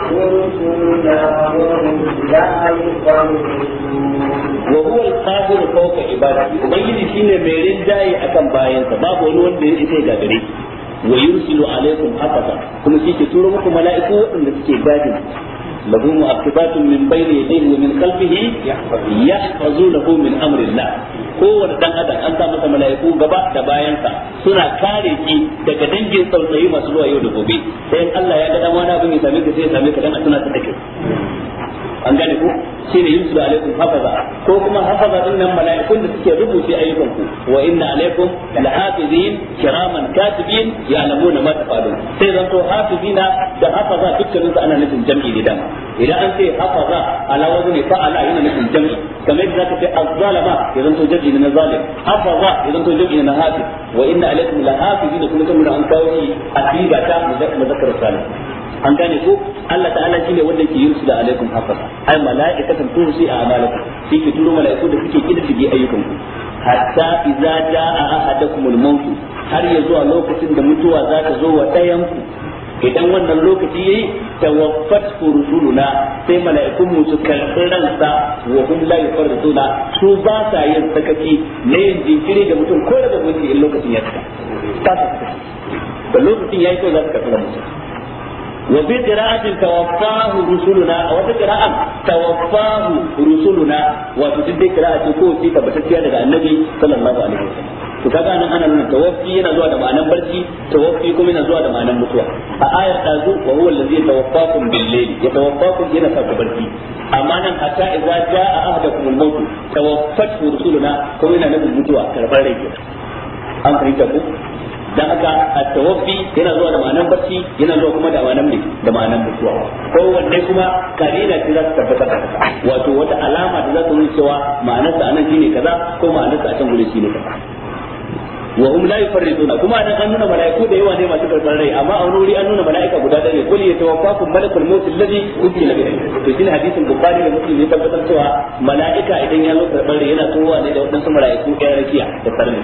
al-qahir fawqa ibadihi ubangiji shine mai rinjaye akan bayansa babu wani wanda ya isa ga gare wa yursilu alaikum hafaza kuma shi ke turo muku mala'iku waɗanda suke gadin له مؤقبات من بين يديه ومن خلفه يحفظونه من امر الله kowane dan adam an sa masa mala'iku gaba da bayanka suna kare ki daga dangin tsautsayi masu zuwa yau da gobe sai Allah ya ga dan wani abin ya same ka sai ya same ka dan a tuna ta take an gane ko shine alaikum hafaza ko kuma hafaza din nan mala'ikun da suke rubuce ayyukan ku wa inna alaikum lahafizin kiraman katibin sai zan to hafizina da hafaza dukkanin su ana nufin jam'i ne dama idan an ce hafaza ala fa'ala yana nufin jam'i kamar yadda zaka ce na zalim hafaza ya na hafiz wa inna alaikum lahafizin kuma kuma an kawo shi a tiga ta muzakkar an gane ko Allah ta'ala shine wanda yake yusra alaikum hafaza ai mala'ikatu hasanatan sai a amalakum sai ki turo malaiku da suke kiddige ayyukan ku hatta idza jaa ahadakumul maut har ya zuwa lokacin da mutuwa za ta zo wa ɗayan ku idan wannan lokaci yayi tawaffat rusuluna sai mala'ikun mu su karɓi ransa wa hum la yafarduna su ba sa yin sakaki na yin jinkiri da mutum ko da mutum in lokacin ya tsaka da lokacin yayi ko za su karɓi ransa وفي قراءة توفاه رسلنا أو في قراءة توفاه رسلنا وتجد قراءة كوتي تبتتيا لدى النبي صلى الله عليه وسلم kaga nan ana nuna tawaffi yana zuwa da ma'anan barci tawaffi kuma yana zuwa da ma'anar mutuwa a ayar ta zo wa huwa allazi yatawaffakum bil layl yatawaffakum yana sa barci amma nan hatta idza jaa ahadakum al maut tawaffat rusuluna kuma yana nufin mutuwa karbar rai an fahimta ku. Da aka at-tawaffi yana zuwa da ma'anar barci yana zuwa kuma da ma'anar ne da ma'anar mutuwa ko wanne kuma kalila ce za ta tabbata wato wata alama da za ta nuna cewa ma'anar sa anan shine kaza ko ma'anar sa a can gurin shine kaza wa hum la yufarriduna kuma an an nuna malaiku da yawa ne masu karɓar rai amma a wani wuri an nuna malaika guda ɗaya ne kulli yatawaffakum malakul maut alladhi ukila bihi to shine hadisin bukhari da muslim ya tabbatar cewa malaika idan ya zo karɓar rai yana tsowa ne da wadansu malaiku ɗaya rakiya da karni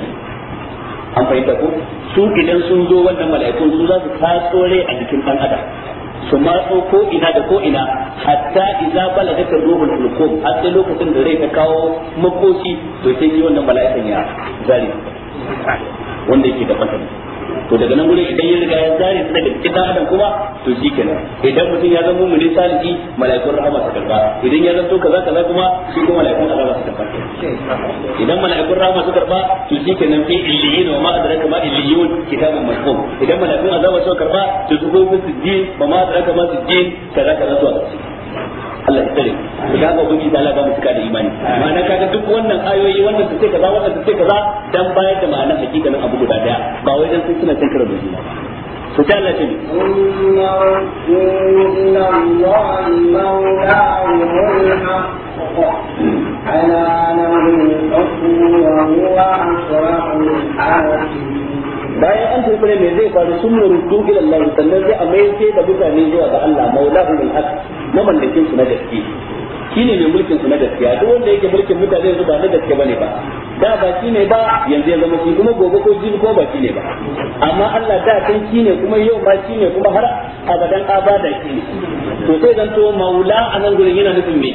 an fahimta ko su idan sun zo wannan mala'ikun su za su taso rai a jikin dan adam su matso ko ina da ko ina hatta idza ta ruhul hulqum har sai lokacin da rai ta kawo makoshi to sai wannan mala'ikan ya zari wanda yake da fatan to daga nan gurin idan ya riga ya zare su daga cikin dan adam kuma to shi kenan idan mutum ya zama mu saliki mala'ikun rahama su karba idan ya zanto kaza kaza kuma shi kuma mala'ikun azaba su karba idan mala'ikun rahama su karba to shi kenan fi illiyin wa ma adraka ma illiyun kitabun marhum idan mala'ikun azaba su karba to su ko su ji ba ma adraka ma su ji kaza kaza su Allah ya tsare da ga ubangi da Allah ba mu ka da imani ma'ana kaga duk wannan ayoyi wannan su ce kaza wannan su ce kaza dan bayar da ma'anar hakikanin abu guda daya ba wai dan sun suna cin da juna su ta Allah ce bayan an ne me zai faru sun rutu ila Allah sannan zai amince da mutane zuwa ga Allah maula'u bil haqq mamallakin su na gaske ne mai mulkin su na gaskiya duk wanda yake mulkin mutane yanzu ba na gaske bane ba da ba ne ba yanzu ya zama shi kuma gobe ko jibi ko ba ne ba amma Allah da kan ne kuma yau ba ma ne kuma har abadan abada ne to sai zan to maula anan gurin yana nufin me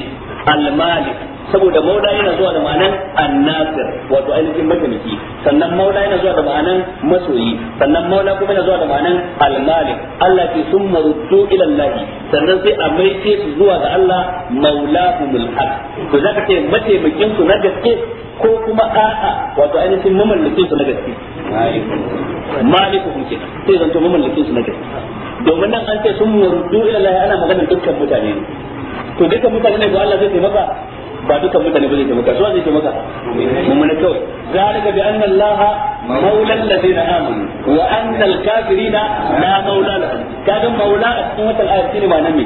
al-malik saboda maula yana zuwa da ma'anan annasir wato ainihin mataimaki sannan maula yana zuwa da ma'anan masoyi sannan Mauda kuma yana zuwa da ma'anan almalik Allah ke sun maruddu ila Allah sannan sai a maishe su zuwa ga Allah maulahumul haq to zaka ce mataimakin su na gaske ko kuma a'a wato ainihin mamallakin su na gaske malikuhum kenan sai zanto mamallakin su na gaske domin nan an ce sun maruddu ila Allah ana maganar dukkan mutane ne to dukkan mutane ne ko Allah zai taimaka ba dukkan mutane ba zai taimaka su zai taimaka mummuna kawai zalika bi anna allaha maula alladhina amanu wa anna alkafirina la maula lahum kaga maula a cikin wata ayat shine ma'anar me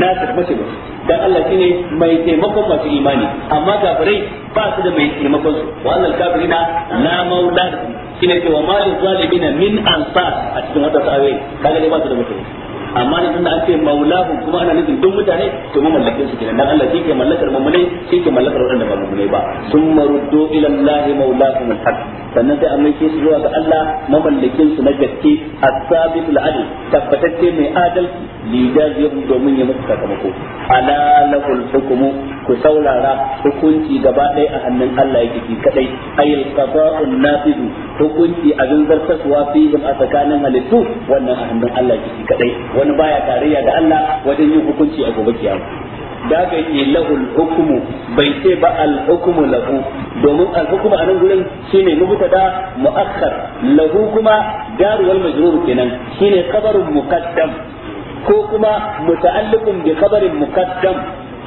na tabbace ba dan Allah shine mai taimakon masu imani amma kafirai ba su da mai taimakon su wa anna alkafirina la maula lahum shine ce wa malil zalimin min ansar a cikin wata ayat kaga dai ba su da mutum amma ne tunda an ce maulahu kuma ana nufin duk mutane to mu mallakin su kenan dan Allah shi ke mallakar mu'minai shi ke mallakar wanda ba ne ba summa ruddu ila Allah maulahu al-haq sannan sai a mai su zuwa ga Allah mamallakin su na gaske a sabitul adl tabbatacce mai adalci lijazihum domin ya musu sakamako ala lahul hukmu ku saurara hukunci gaba ɗaya a hannun Allah yake ki kadai ayil qada'un nafidu hukunci abin zartaswa fihim a tsakanin halittu wannan a hannun Allah yake ki kadai wani baya tarayya da Allah wajen yin hukunci a gobe kiyama da yi lahul hukumu bai ce ba al hukumu lahu domin al hukumu a nan gurin shine mubtada muakkar lahu kuma daru wal majrur kenan shine khabarun muqaddam ko kuma muta'alliqun bi khabarin muqaddam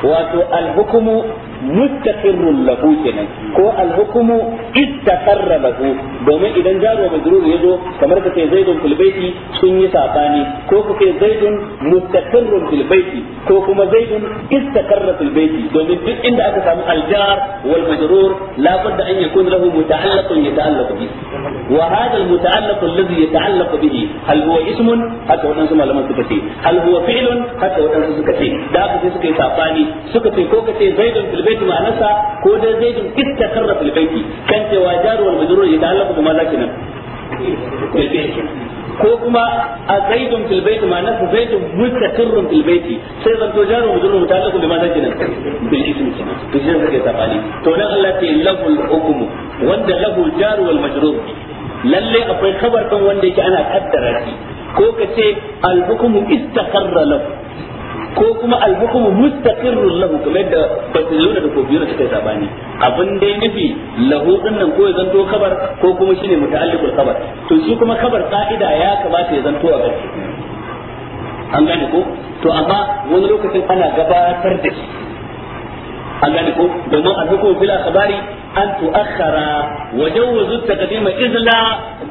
wato al hukumu mustaqirrun lahu kenan ko al-hukmu istaqarra lahu domin idan jaro majrur yazo kamar ka ce zaidun fil baiti sun yi sabani ko ka ce zaidun mustaqirrun fil baiti ko kuma zaidun istaqarra fil baiti domin duk inda aka samu al-jar wal majrur la budda an yakun lahu muta'allaqun yata'allaqu bihi wa hadha al-muta'allaq alladhi yata'allaqu bihi hal huwa ismun haka wadansu malaman suka ce hal huwa fi'lun haka wadansu suka ce da baiti ko kuma a zaidun fil baiti zaidun fil baiti sai jaru bil to shi zai to nan Allah wanda lahu jaru wal majrur lalle akwai khabar kan wanda yake ana kaddara shi ko kace al lahu ko kuma alhukumu mustaqirrun lahu kamar da batiluna da kofiyuna suka yi sabani abin dai nufi lahu nan ko ya zanto kabar ko kuma shine muta'alliqul kabar to shi kuma kabar ka'ida ya kamata ya zanto a gaske an gane ko to amma wani lokacin ana gabatar da shi an gane ko domin alhukum bil akhbari an tuakhara wa jawwazu taqdim izla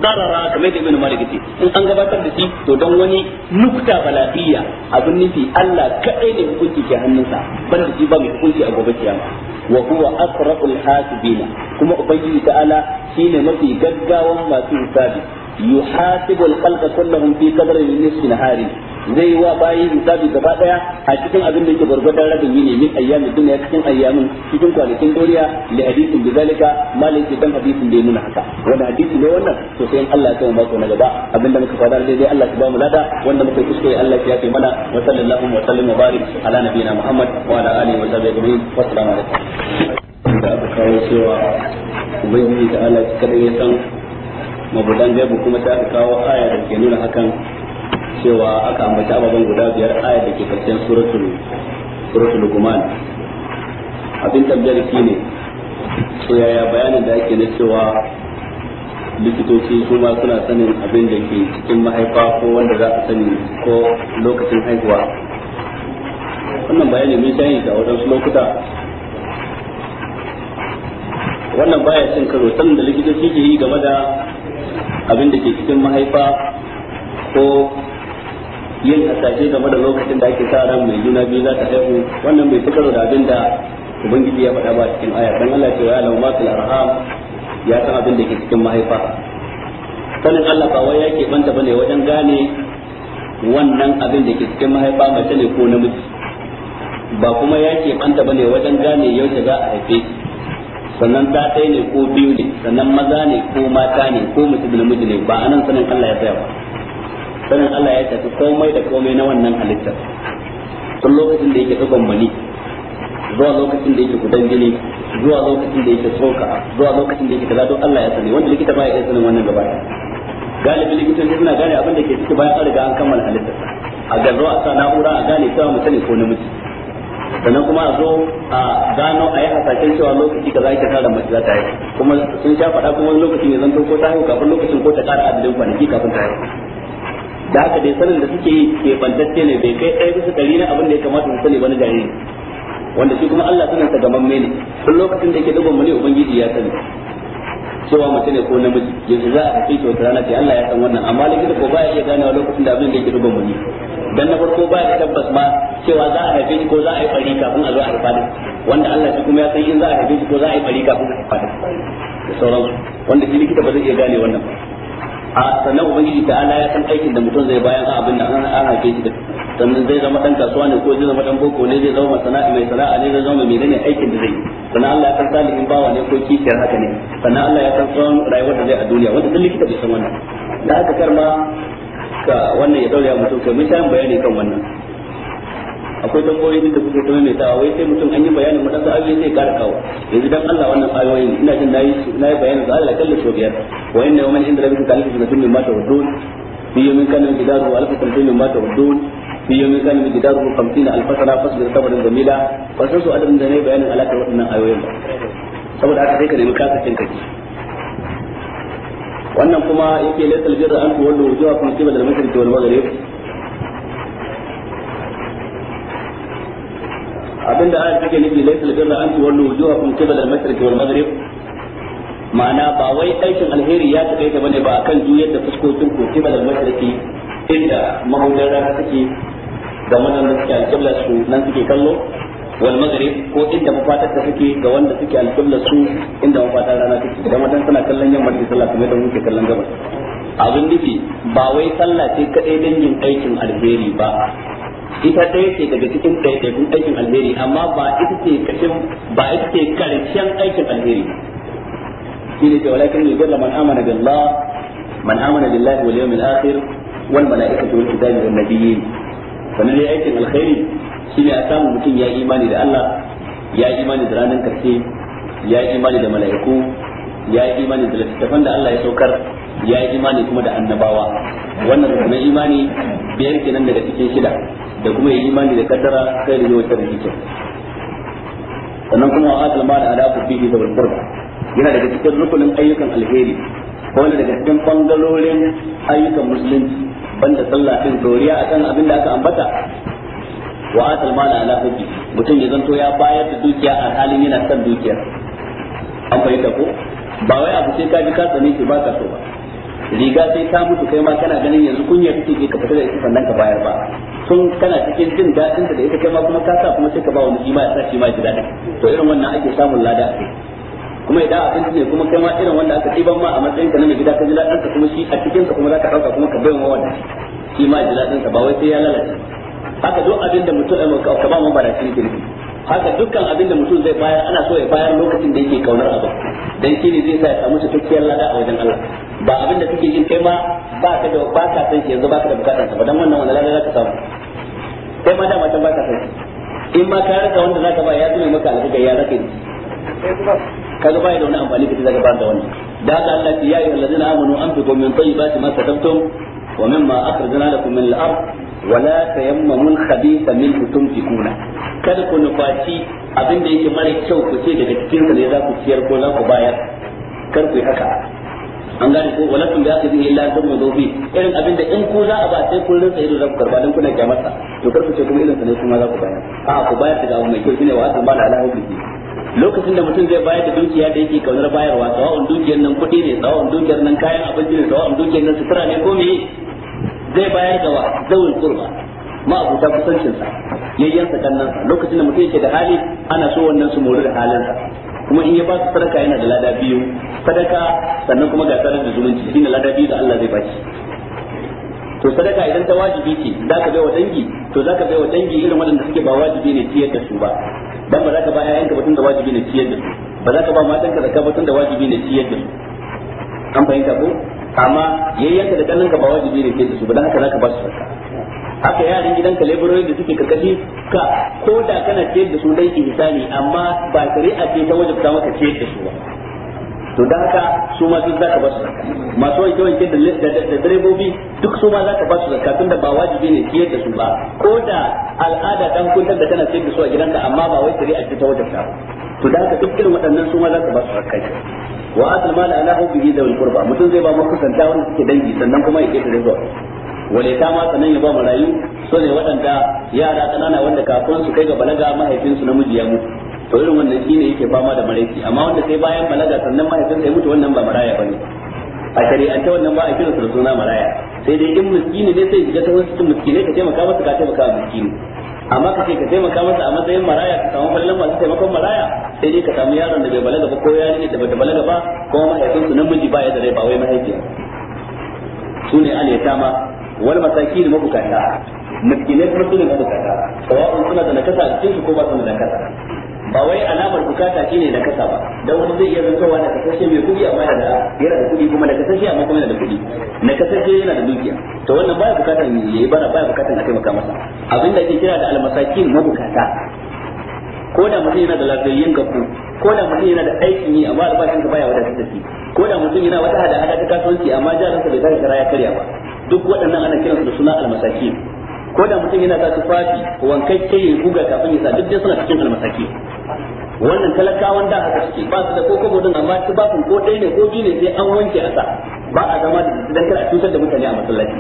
darara kamar da ibn malik ce in an gabatar da shi to dan wani nukta baladiya abin nufi Allah kadai ne hukunci ke hannunsa ban da shi ba mai hukunci a gobe kiyama wa huwa asra'ul hasibina kuma ubangiji ta'ala shine mafi gaggawan masu hisabi yuhasibu al-khalqa kullahum fi qadri nisfi nahari zai wa bayi hisabi gaba daya a cikin abin da yake gurgurdan rabin ne min ayyamin dunya cikin ayyamin cikin kwanakin doriya li hadisin zalika maliki dan hadisin da ya nuna haka wanda hadisi ne wannan to sai Allah ya ba ku na gaba abinda muka fada dai dai Allah ya ba mu lada wanda muka kuskure Allah ya kai mana wa sallallahu wa sallam wa barik ala nabiyina Muhammad wa ala alihi wa sahbihi ajma'in wa assalamu alaikum da aka kawo cewa ubangiji da Allah kadai ya san mabudan gaibu kuma ta kawo aya da ke nuna hakan cewa aka ambaci ababen guda biyar ayar da ke karshen suratul suratul Luqman abin tambayar shine to yaya bayanin da ake na cewa likitoci su ma suna sanin abin da ke cikin mahaifa ko wanda za a sani ko lokacin haihuwa wannan bayani mun sani da wadansu lokuta wannan baya cin karo sanin da likitoci ke yi game da abin da ke cikin mahaifa ko yin hasashe game da lokacin da ake sa ran mai juna biyu za ta haihu wannan bai ci karo da abin da ubangiji ya faɗa ba cikin aya dan Allah ce ya lauma fil arham ya san abin da ke cikin mahaifa sanin Allah ba wai yake banta bane wajen gane wannan abin da ke cikin mahaifa mace ne ko namiji ba kuma ya ke banta bane wajen gane yaushe za a haife sannan ta ɗaya ne ko biyu ne sannan maza ne ko mata ne ko mutum da namiji ne ba anan sanin Allah ya tsaya ba sanin Allah ya tafi komai da komai na wannan halittar tun lokacin da yake tsugon mani zuwa lokacin da yake gudan jini zuwa lokacin da yake tsoka zuwa lokacin da yake kaza don Allah ya sani wanda likita ba ya sanin wannan gaba galibin ne suna gane abin da ke ciki bayan an riga an kammala halittar a gazo a sa na'ura a gane cewa mutane ko namiji sannan kuma a zo a gano a yi hasashen cewa lokaci kaza yake tara mace za ta yi kuma sun sha faɗa kuma lokaci ne zan ko ta haihu kafin lokacin ko ta ƙara adadin kwanaki kafin ta haihu da haka dai sanin da suke yi ke bantacce ne bai kai ɗaya bisa ɗari na abin da ya kamata su sani wani jariri wanda shi kuma Allah sanin sa gamamme ne tun lokacin da yake dubon mu ne ubangiji ya sani cewa mace ne ko namiji yanzu za a kace wata rana ce Allah ya san wannan amma likita ko baya iya ganewa lokacin da abin da yake dubon mu ne dan na farko baya da tabbas ma cewa za a haife shi ko za a yi bari kafin a zo a haifa wanda Allah shi kuma ya san in za a haife shi ko za a yi bari kafin a haifa da sauransu wanda shi likita ba zai iya gane wannan ba a sannan ubangiji ta ala ya san aikin da mutum zai bayan abin da an haife shi da sannan zai zama dan kasuwa ne ko zai zama dan boko ne zai zama sana'a mai sana'a ne zai zama menene aikin da zai sannan Allah ya san salihin bawa ne ko kishiyar haka ne sannan Allah ya san tsawon rayuwar da zai a duniya wanda duk likita bai san wannan da aka karma ka wannan ya daure mutum kai mun sha bayani kan wannan akwai din da kuke ta mai wai sai mutum an yi bayanin wadansu ayoyi sai kara kawo yanzu dan Allah wannan ayoyi ina jin nayi nayi bayanin da Allah kallu so biyar wa inna yawman inda rabbika kallu sunnatin mimma ta'udun fi yawmin kana gidaru alfa fi yawmin kana في يوم كان مقداره 50000 سنه فاصبر صبرا جميلا وسوس adam da ne bayanin alaka waɗannan ayoyi saboda haka sai ka nemi kasancin kake wannan kuma yake laysal birra an tuwallu wujuhakum qibla al-mashriq wal maghrib abinda ayar take nufi laysa al-birra an tuwallu wujuhakum qibala al-mashriq wal maghrib ma'ana ba wai aikin alheri ya taɓa ta bane ba akan juyar da fuskokin ko al masarki inda mahudar rana take ga manan da suke alqibla su nan suke kallo wal maghrib ko inda mafatar ta take ga wanda suke alqibla su inda mafatar rana take da madan tana kallon yamma da sallah kamar da muke kallon gaba abin nufi ba wai sallah ce kadai dangin aikin alheri ba ita ɗaya ce daga cikin ɗaiɗaikun aikin alheri amma ba ita ce kashin ba ita ce karshen aikin alheri shi ne cewa walakin ne galla man amana Allah man amana Allah wa yawmil akhir wal malaikati wal kitabi wan nabiyyin sannan dai aikin alheri shi ne a samu mutum ya imani da Allah ya imani da ranar karshe ya imani da mala'iku ya yi imani da littattafan da Allah ya saukar ya yi imani kuma da annabawa wannan rukunin imani biyar kenan daga cikin shida da kuma yi imani da kaddara kai da wata da kyau sannan kuma wa atal mal ala bihi da wal qurba yana daga cikin rukunin ayyukan alheri ko wanda daga cikin bangalolin ayyukan musulunci banda sallah din doriya akan abin da aka ambata wa atal mal ala bihi mutum ya zanto ya bayar da dukiya a halin yana san dukiya. an fahimta ko ba wai abu sai ka ji ka tsane ki ba ka so ba riga sai ka mutu kai ma kana ganin yanzu kunya take ka fita da ita sannan ka bayar ba sun kana cikin jin daɗin da ita kai ma kuma ka sa kuma sai ka ba wani kima ya sa shi ma ji daɗin to irin wannan ake samun lada a kai kuma idan abinci ne kuma kai ma irin wanda aka ɗiban ma a matsayin ka na mai gida ka ji ka kuma shi a cikin sa kuma za ka ɗauka kuma ka bai wa wanda shi ma ji ka ba wai sai ya lalace haka duk abin da mutum eh, ka ba mu bara shi kirki haka dukkan abin da mutum zai bayar ana so ya bayar lokacin da yake kaunar abu dan shi ne zai sa ya samu cikakkiyar lada a wajen Allah ba abin da kake jin kai ma ba ka da ba ka san shi yanzu ba ka da bukatar sa ba dan wannan wannan lalle zaka samu kai ma dama can ba ka san in ma ka rasa wanda zaka ba ya zume maka alƙaga ya ni ka kaga bai da wani amfani kake zaka ba da wani da haka Allah ya yi allazina amanu anfiqu min tayyibati ma kasabtum wa mimma akhrajna lakum min al-ard wa la tayammamu al-khabitha min tumtikuna kada ku nufaci abin da yake mara kyau ku ce daga cikin sa ne za ku ciyar ko za ku bayar kar ku yi haka an gane ko wala tun da zai illa dan mu dofi irin abin da in ku za a ba sai kun rinsa irin za ku karba dan kuna kyamarsa to kar ku ce kuma irin sa ne kuma za ku bayar a ku bayar da abu mai kyau shine wa asan ba da alahu bihi lokacin da mutum zai bayar da dukiya da yake kaunar bayarwa sawa'un dukiyar nan kuɗi ne sawa'un dukiyar nan kayan abinci ne sawa'un dukiyar nan sutura ne ko meye zai bayar da wa zawul qurba ma abuta kusancinsa yayyansa kannansa lokacin da mutum yake da hali ana so wannan su mori da halinsa kuma in ya ba su sadaka yana da lada biyu sadaka sannan kuma ga sadar da zumunci shine lada biyu da Allah zai baki to sadaka idan ta wajibi ce za ka bai wa dangi to za ka bai wa dangi irin waɗanda suke ba wajibi ne ciyar da su ba dan ba za ka ba ƴaƴanka ba da wajibi ne ciyar da su ba za ka ba matanka zakka ba da wajibi ne ciyar da su an fahimta ko amma yayyanka da kallon ka ba wajibi ne ciyar da su ba dan haka za ka ba su sadaka haka yaran gidanka laborori da suke karkashi ka ko da kana ce da su dai insani amma ba shari'a ce ta wajen ta maka ce da su ba to da haka su ma duk zaka basu masu wanke wanke da direbobi duk su ma zaka su zakka tunda ba wajibi ne ciyar da su ba ko da al'ada dan kuntar da kana ce da su a gidanka amma ba wai shari'a ce ta wajen ta. to da haka duk irin waɗannan su ma zaka su zakka wa asal mala ala da dawil qurba mutum zai ba makusanta wanda suke dangi sannan kuma ya ke da zuwa wale ta ma sanan ya ba marayu so ne waɗanda yara ƙanana wanda kafin su kai ga balaga mahaifinsu namiji ya mutu to irin wannan shine yake fama da maraici amma wanda sai bayan balaga sannan mahaifinsa ya mutu wannan ba maraya bane a shari'ance wannan ba a kira su da suna maraya sai dai in miskini ne sai shiga ta wasu cikin miskinai ka taimaka masa ka taimaka wa miskini amma ka ce ka taimaka masa a matsayin maraya ka samu fallan masu taimakon maraya sai dai ka samu yaron da bai balaga ba ko yaron da bai balaga ba kuma mahaifinsu namiji ba ya da rai ba wai mahaifiya su ne al yatama wal da mabukata miskinai kuma su ne mabukata sawa'un suna da nakasa a cikin su ko ba su da nakasa ba wai alamar bukata shine da kasa ba dan wani zai iya zantowa da kasashe mai kudi amma yana da yana da kudi kuma da kasashe amma kuma yana da kudi na kasashe yana da dukiya to wannan baya bukatan yayi bana baya bukatan a taimaka masa abin da ake kira da almasakin mabukata ko da mutum yana da lafiyayyen gabu ko da mutum yana da aikin yi amma albashin ka baya wadatar da shi ko da mutum yana wata hada hada ta kasuwanci amma jarinsa bai tashi kara ya karya ba duk waɗannan ana kiransu da suna almasaki ko da mutum yana da tufafi ke ya guga kafin ya sa duk dai suna cikin almasaki wannan talakawan da haka suke ba su da ko kobo din amma tufafin ko ɗaya ne ko biyu ne sai an wanke a ba a zama da dan kar a cutar da mutane a masallaci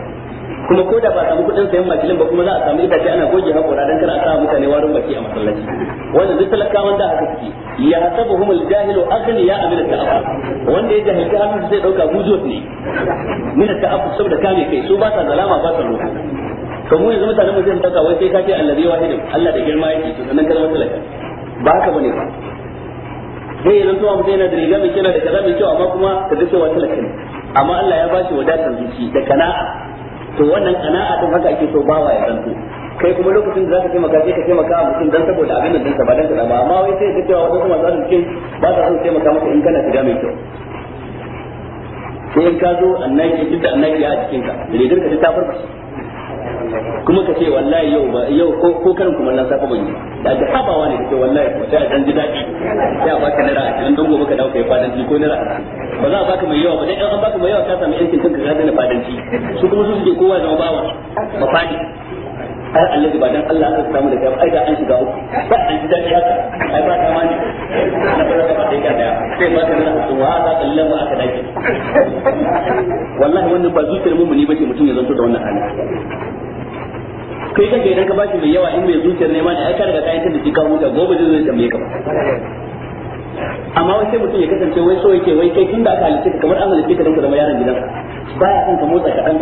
kuma ko da ba a samu kuɗin sayan makilin ba kuma za a samu itace ana goge hakora dan kar a sa mutane warin baki a masallaci wannan duk talakawan da haka suke ya hasabuhum aljahilu aghniya min at-ta'affuf wanda ya jahilci hannun sai dauka buzot ne min at saboda kame kai su ba sa zalama ba sa roƙo to mu yanzu mutanen mu zai dauka wai sai ka ce allazi wahidin Allah da girma yake to sannan kalmar talaka ba haka bane ba sai ya zanto mutum yana da riga mai kyau da kaza mai kyau amma kuma ka ga cewa talaka ne amma Allah ya bashi wadatar zuci da kana'a to wannan kana'a din haka ake so bawa ya zanto kai kuma lokacin da zaka taimaka sai ka taimaka maka mutum dan saboda abin nan dinsa ba dan kada ba amma wai sai ka cewa wadansu masu ce ba za son taimaka maka in kana shiga mai kyau sai ka zo annaki duk da annaki a cikin ka da rigar ka ta farfashe kuma ka ce wallahi yau ba yau ko ko karin kuma nan safa ban yi da ta habawa ne kace wallahi ko ta dan ji dadi ya ba ka nira a dan gobe ka dawo kai ji ko naira ba za a baka mai yawa ba dan an baka mai yawa ka samu yankin kanka ka dana fadan ji su kuma su suke kowa zama bawa ba fadi ai Allah ba dan Allah aka samu da kai ai da an shiga uku ba dan ji dadi haka ai ba kama ne na ba ka dai ka daya sai ba ka nira to wa za kallan ba aka dace wallahi wannan ba zuciyar mu ne bace mutum ya zanto da wannan hali kai kanka idan ka bashi mai yawa in mai zuciyar nema ne ai ka riga kayan da shi ka huta gobe zai zo ya tambaye ka amma wai sai mutum ya kasance wai so yake wai kai tun da aka halice ka kamar an halice ka dan ka zama yaron gidanka baya son ka motsa ka dan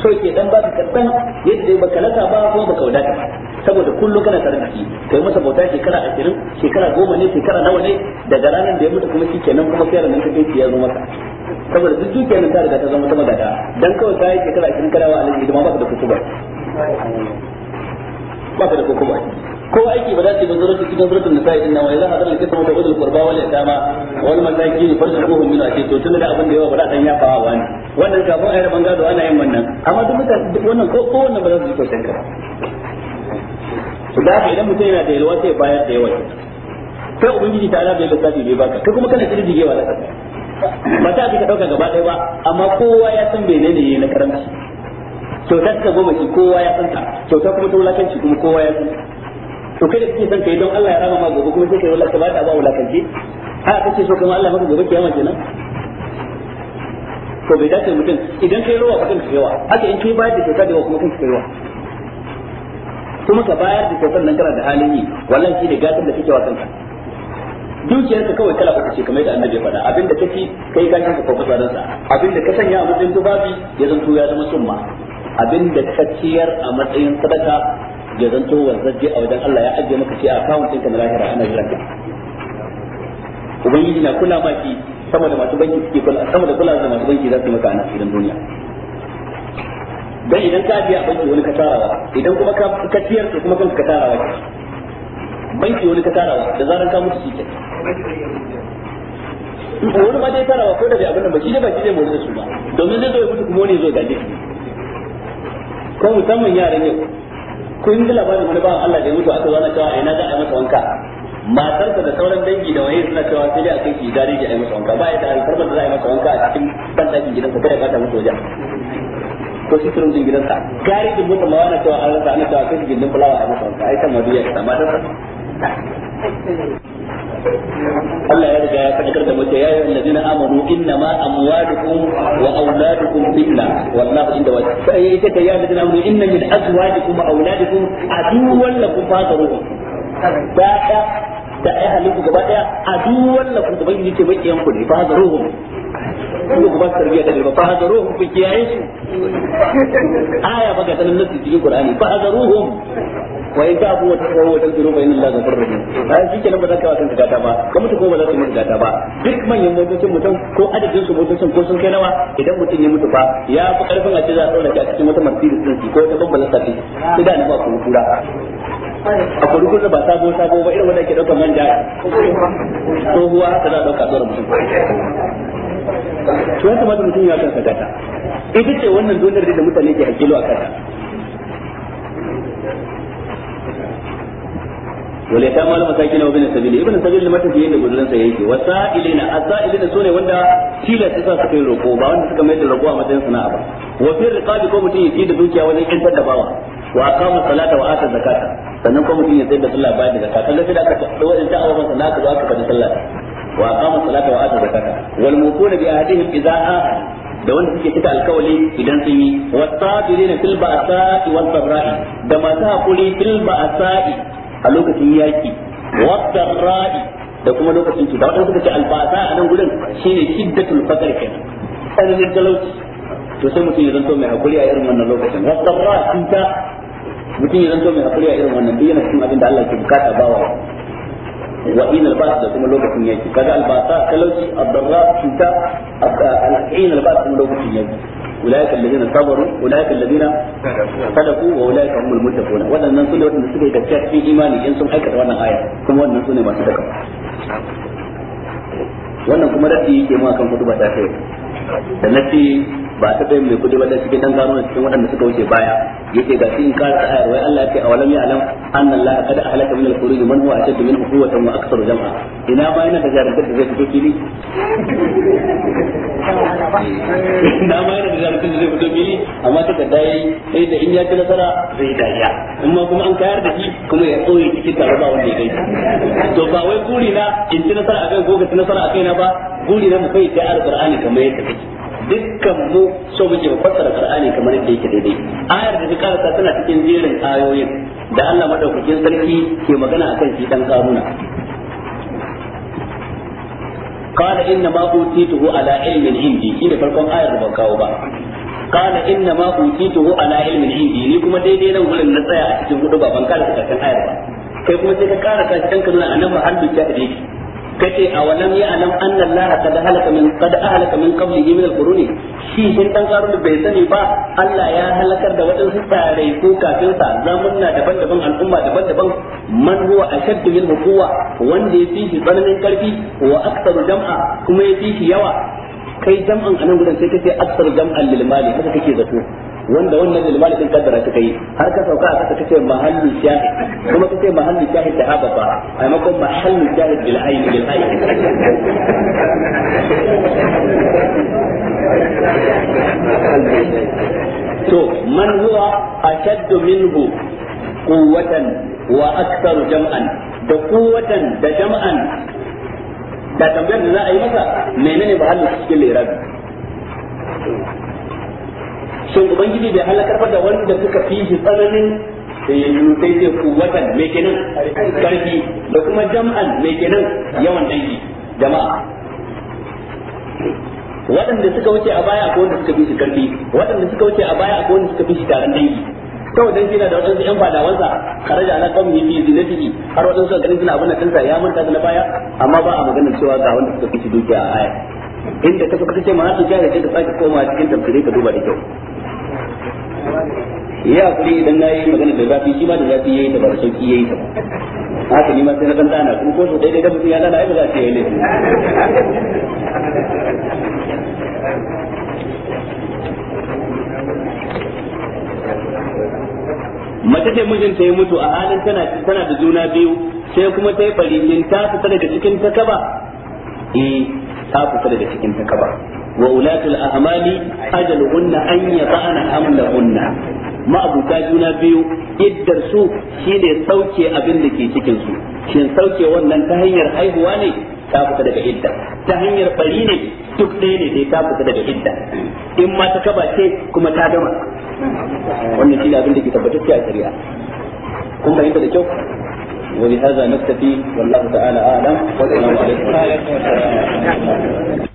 so yake dan ka kadan yadda baka lata ba ko baka wadata ka saboda kullu kana tare da shi kai masa bauta shekara 20 shekara 10 ne shekara nawa ne daga ranar da ya mutu kuma shikenan kuma sai ranar kake ya zo maka saboda duk dukiyar ta riga ta zama ta magada dan kawai ta yi shekara 20 kana wa alhaji da ma ka da kutuba ba ka da ko kuma ko aiki ba za ta yi bazura ta cikin zurfin nisa idan nan wani za a zara kisa mata udul kurba wal yatama wal masakin farshin ruhun min ce to tun da abin da yawa ba za ta ya fawa wani wannan kafin a yi rabon gado ana yin wannan amma duk mutane wannan ko ko wannan ba za su ji kyautar ka da haka idan mutum yana da yalwa sai bayar da yawa sai ubangiji ta ala bai lissafi bai baka kai kuma kana kirjigewa da kasa ba ta ka dauka gaba ɗaya ba amma kowa ya san menene ne na karamci kyautar ta goma ki kowa ya san ta kyauta kuma ta wulakanci kuma kowa ya san to kai da kike san kai don Allah ya rama ma gobe kuma sai kai wallahi ba ta ba wulakanci a kace so kuma Allah maka gobe kiyama kenan to bai dace mutum idan kai rawa kanka kai yawa haka in kai bayar da kyauta da kuma kanka kai yawa kuma ka bayar da kyautar nan kana da halin yi wallahi shi ne gatar da kake wa kanka dukiyar ka kawai kala uku ce kamar da annabi faɗa abinda kake kai ka kanka ko kusa abinda ka sanya a matsayin babi ya zanto ya zama summa abin da ka ciyar a matsayin sadaka ya zanto wanzaje a wajen Allah ya ajiye maka shi a akawun ɗinka na lahira ana jiran ka ubangiji na kula maki sama da masu banki suke kula sama da kula da masu banki za su maka ana cikin duniya dan idan ka biya banki wani ka tarawa idan kuma ka ka ciyar to kuma kanka ka tarawa banki wani ka tarawa da zaran ka mutu shike ke wani ma dai tarawa ko da bai abin nan ba shi ne ba shi ne mu da su ba domin zai zo ya mutu kuma wani zo ya gaje shi ko musamman yaran yau kun ji labarin wani bawan Allah da ya mutu aka zo ana cewa ai na ga ai masa wanka matarsa da sauran dangi da waye suna cewa sai dai a kai ki dare ki ai masa wanka ba ya da alfarmar da za a yi masa wanka a cikin gidan gidansa kada ka ta mutu wajen ko shi turun din gidansa gari din mutum ma wani cewa an rasa ana cewa kai gidan fulawa a masa wanka ai kan madu ya ta matarsa Allah ya riga ya fadakar da mutum ya yi allazina amanu inna ma amwalukum wa auladukum fitna wallahu inda wajh sai ita ta ya allazina amanu inna min azwajikum wa auladikum aduwwan lakum fadaruhum da da ai halin ku gaba daya a duk wannan kun gaban yake mai kiyan ku ne fa hazaruhum ku ku ba tarbiya da ba fa hazaruhum ku kiyaye su aya ba ga sanan nasu cikin qur'ani fa hazaruhum wa in tabu wa taqawu wa tadru fa inna allaha ghafurur rahim ai shi kenan ba za ka wa gata ba kuma mutu ko ba za ka mutu gata ba duk manyan motocin mutum ko adadin su motocin ko sun kai nawa idan mutum ya mutu fa ya fi karfin a ce za a tsora shi a cikin wata martiri din ko ta babbar safi sai da na ba ku kura a kuri kusa ba sabo sabo ba irin wanda ke daukar manja tsohuwa ta za a dauka zuwa mutum to ya kamata mutum ya kansa gata ita ce wannan donar da mutane ke hakilo a kasa wale ta malu masaki na wabin sabili ibn sabili mata fiye da gudunan sa yake wasa ilina asa ilina sune wanda kila su sa suka yi roko ba wanda suka mai da roko a matsayin sana'a ba wa fi riqabi ko mutum yake da dukiya wajen kintar da bawa wa aqama salata wa ata zakata sannan kuma mutum ya zai da sallah bayan da zakka sannan sai da aka da waɗancan abubuwan sannan aka zo aka faɗi sallah wa aqama salata wa ata zakata wal mufuna bi ahdihim idza da wanda suke cika alkawali idan sun yi wasabirina fil ba'sa'i was sabra'i da masu hakuri fil ba'sa'i a lokacin yaki was sabra'i da kuma lokacin cuta wadanda suka ce albasa a nan gurin shine shiddatul faqr kenan tsananin talauci to sai mutum ya zanto mai hakuri a irin wannan lokacin was sabra'i cuta mutum ya zanto mai hakuri a irin wannan duk yana cikin abin da Allah ke bukata bawa wa in albas da kuma lokacin yaki kaga albasa talauci abdarra cuta al'in albas kuma lokacin yaki أولئك الذين صبروا أولئك الذين صدقوا وأولئك هم المتقون وأن ننسل وأن ننسل إذا كانت في إيماني إن سم حكت da na ba ta bayin mai kudi ba cikin dan gano cikin waɗanda suka wuce baya yace ga shi in kara ayar wai Allah yake awalam ya alam anna Allah qad ahlaka min al-khuruj man huwa ashad min quwwatan wa akthar jam'a ina ba yana da jarantar da zai fito fili ina ba yana da jarantar da zai fito fili amma ta da dai sai da in ya ci nasara zai dariya amma kuma an kayar da shi kuma ya tsoye cikin tare ba wanda ya kai to ba wai guri na in ci nasara akan ko ka ci nasara akai na ba guri na mu kai ta alqur'ani kamar yadda kake dukkan mu so muke mu fassara Qur'ani kamar yadda yake daidai ayar da duka ta tana cikin jerin ayoyin da Allah madaukakin sarki ke magana akan shi dan karuna قال إنما أوتيته على علم عندي إذا فرقم ba. بكاو قال إنما أوتيته ala ilmin عندي ni kuma daidai nan gurin na tsaya a cikin gudu ba ban kara ta kan ayar ba kai kuma sai ka kara ta cikin kana annabi har dukiya da yake kace awalam ya alam anna allaha qad halaka min qad ahlaka min qablihi min al shi shin dan karun bai sani ba Allah ya halakar da wadansu tsarai ko kafin sa zamanna daban-daban al'umma daban-daban man huwa ashaddu min quwwa wanda ya fi shi tsananin karfi wa aktsaru jam'a kuma ya fi shi yawa kai jam'an anan gudan sai kace aktsar jam'an lil mali haka kake zato wanda wannan ilmani din kaddara ta yi har ka sauka a kasa kace mahallu shahid kuma kace mahallu shahid da haba ba a makon mahallu shahid bil ayn bil ayn to man huwa ashaddu minhu quwwatan wa aktharu jam'an da quwwatan da jam'an da tambayar da za a yi masa menene mahallu cikin lirabi shin ubangiji bai halakar da wanda suka fi shi tsananin eh, sai ku watan mai kenan karfi da kuma jam'an mai kenan yawan dangi jama'a waɗanda suka wuce a baya ko wanda suka fi shi karfi waɗanda suka wuce a baya ko wanda suka fi shi taron dangi kawai dan kina da waɗansu ƴan fadawansa kan ala yanzu na zinatihi har suka ganin suna abin kansa ya manta da na baya amma ba a magana cewa ga wanda suka fi shi dukiya a aya inda ta so ka ce ma haka jahilci ta sake koma cikin tafsirai ka duba da kyau ya kuri idan na yi magana da zafi shi ma da zafi yayi ta ba sauki yayi ta haka ni ma sai na dan dana kuma ko so dai dai da mutum ya dana ai ba za ta yi ne mace ce mijinta ya mutu a halin tana tana da juna biyu sai kuma ta yi farin ta fita daga cikin kaba eh ta fita daga cikin kaba wa ulatul ahmali ajaluhunna an yata'ana hamlahunna ma'abuta juna biyu iddar su shine sauke abin da ke cikin su shin sauke wannan ta hanyar haihuwa ne ta fita daga idda ta hanyar bari ne duk ɗaya ne dai ta fita daga idda in ma ta kaba kuma ta gama wannan tabbatar a shari'a kun da kyau ولهذا نكتفي والله تعالى اعلم والسلام عليكم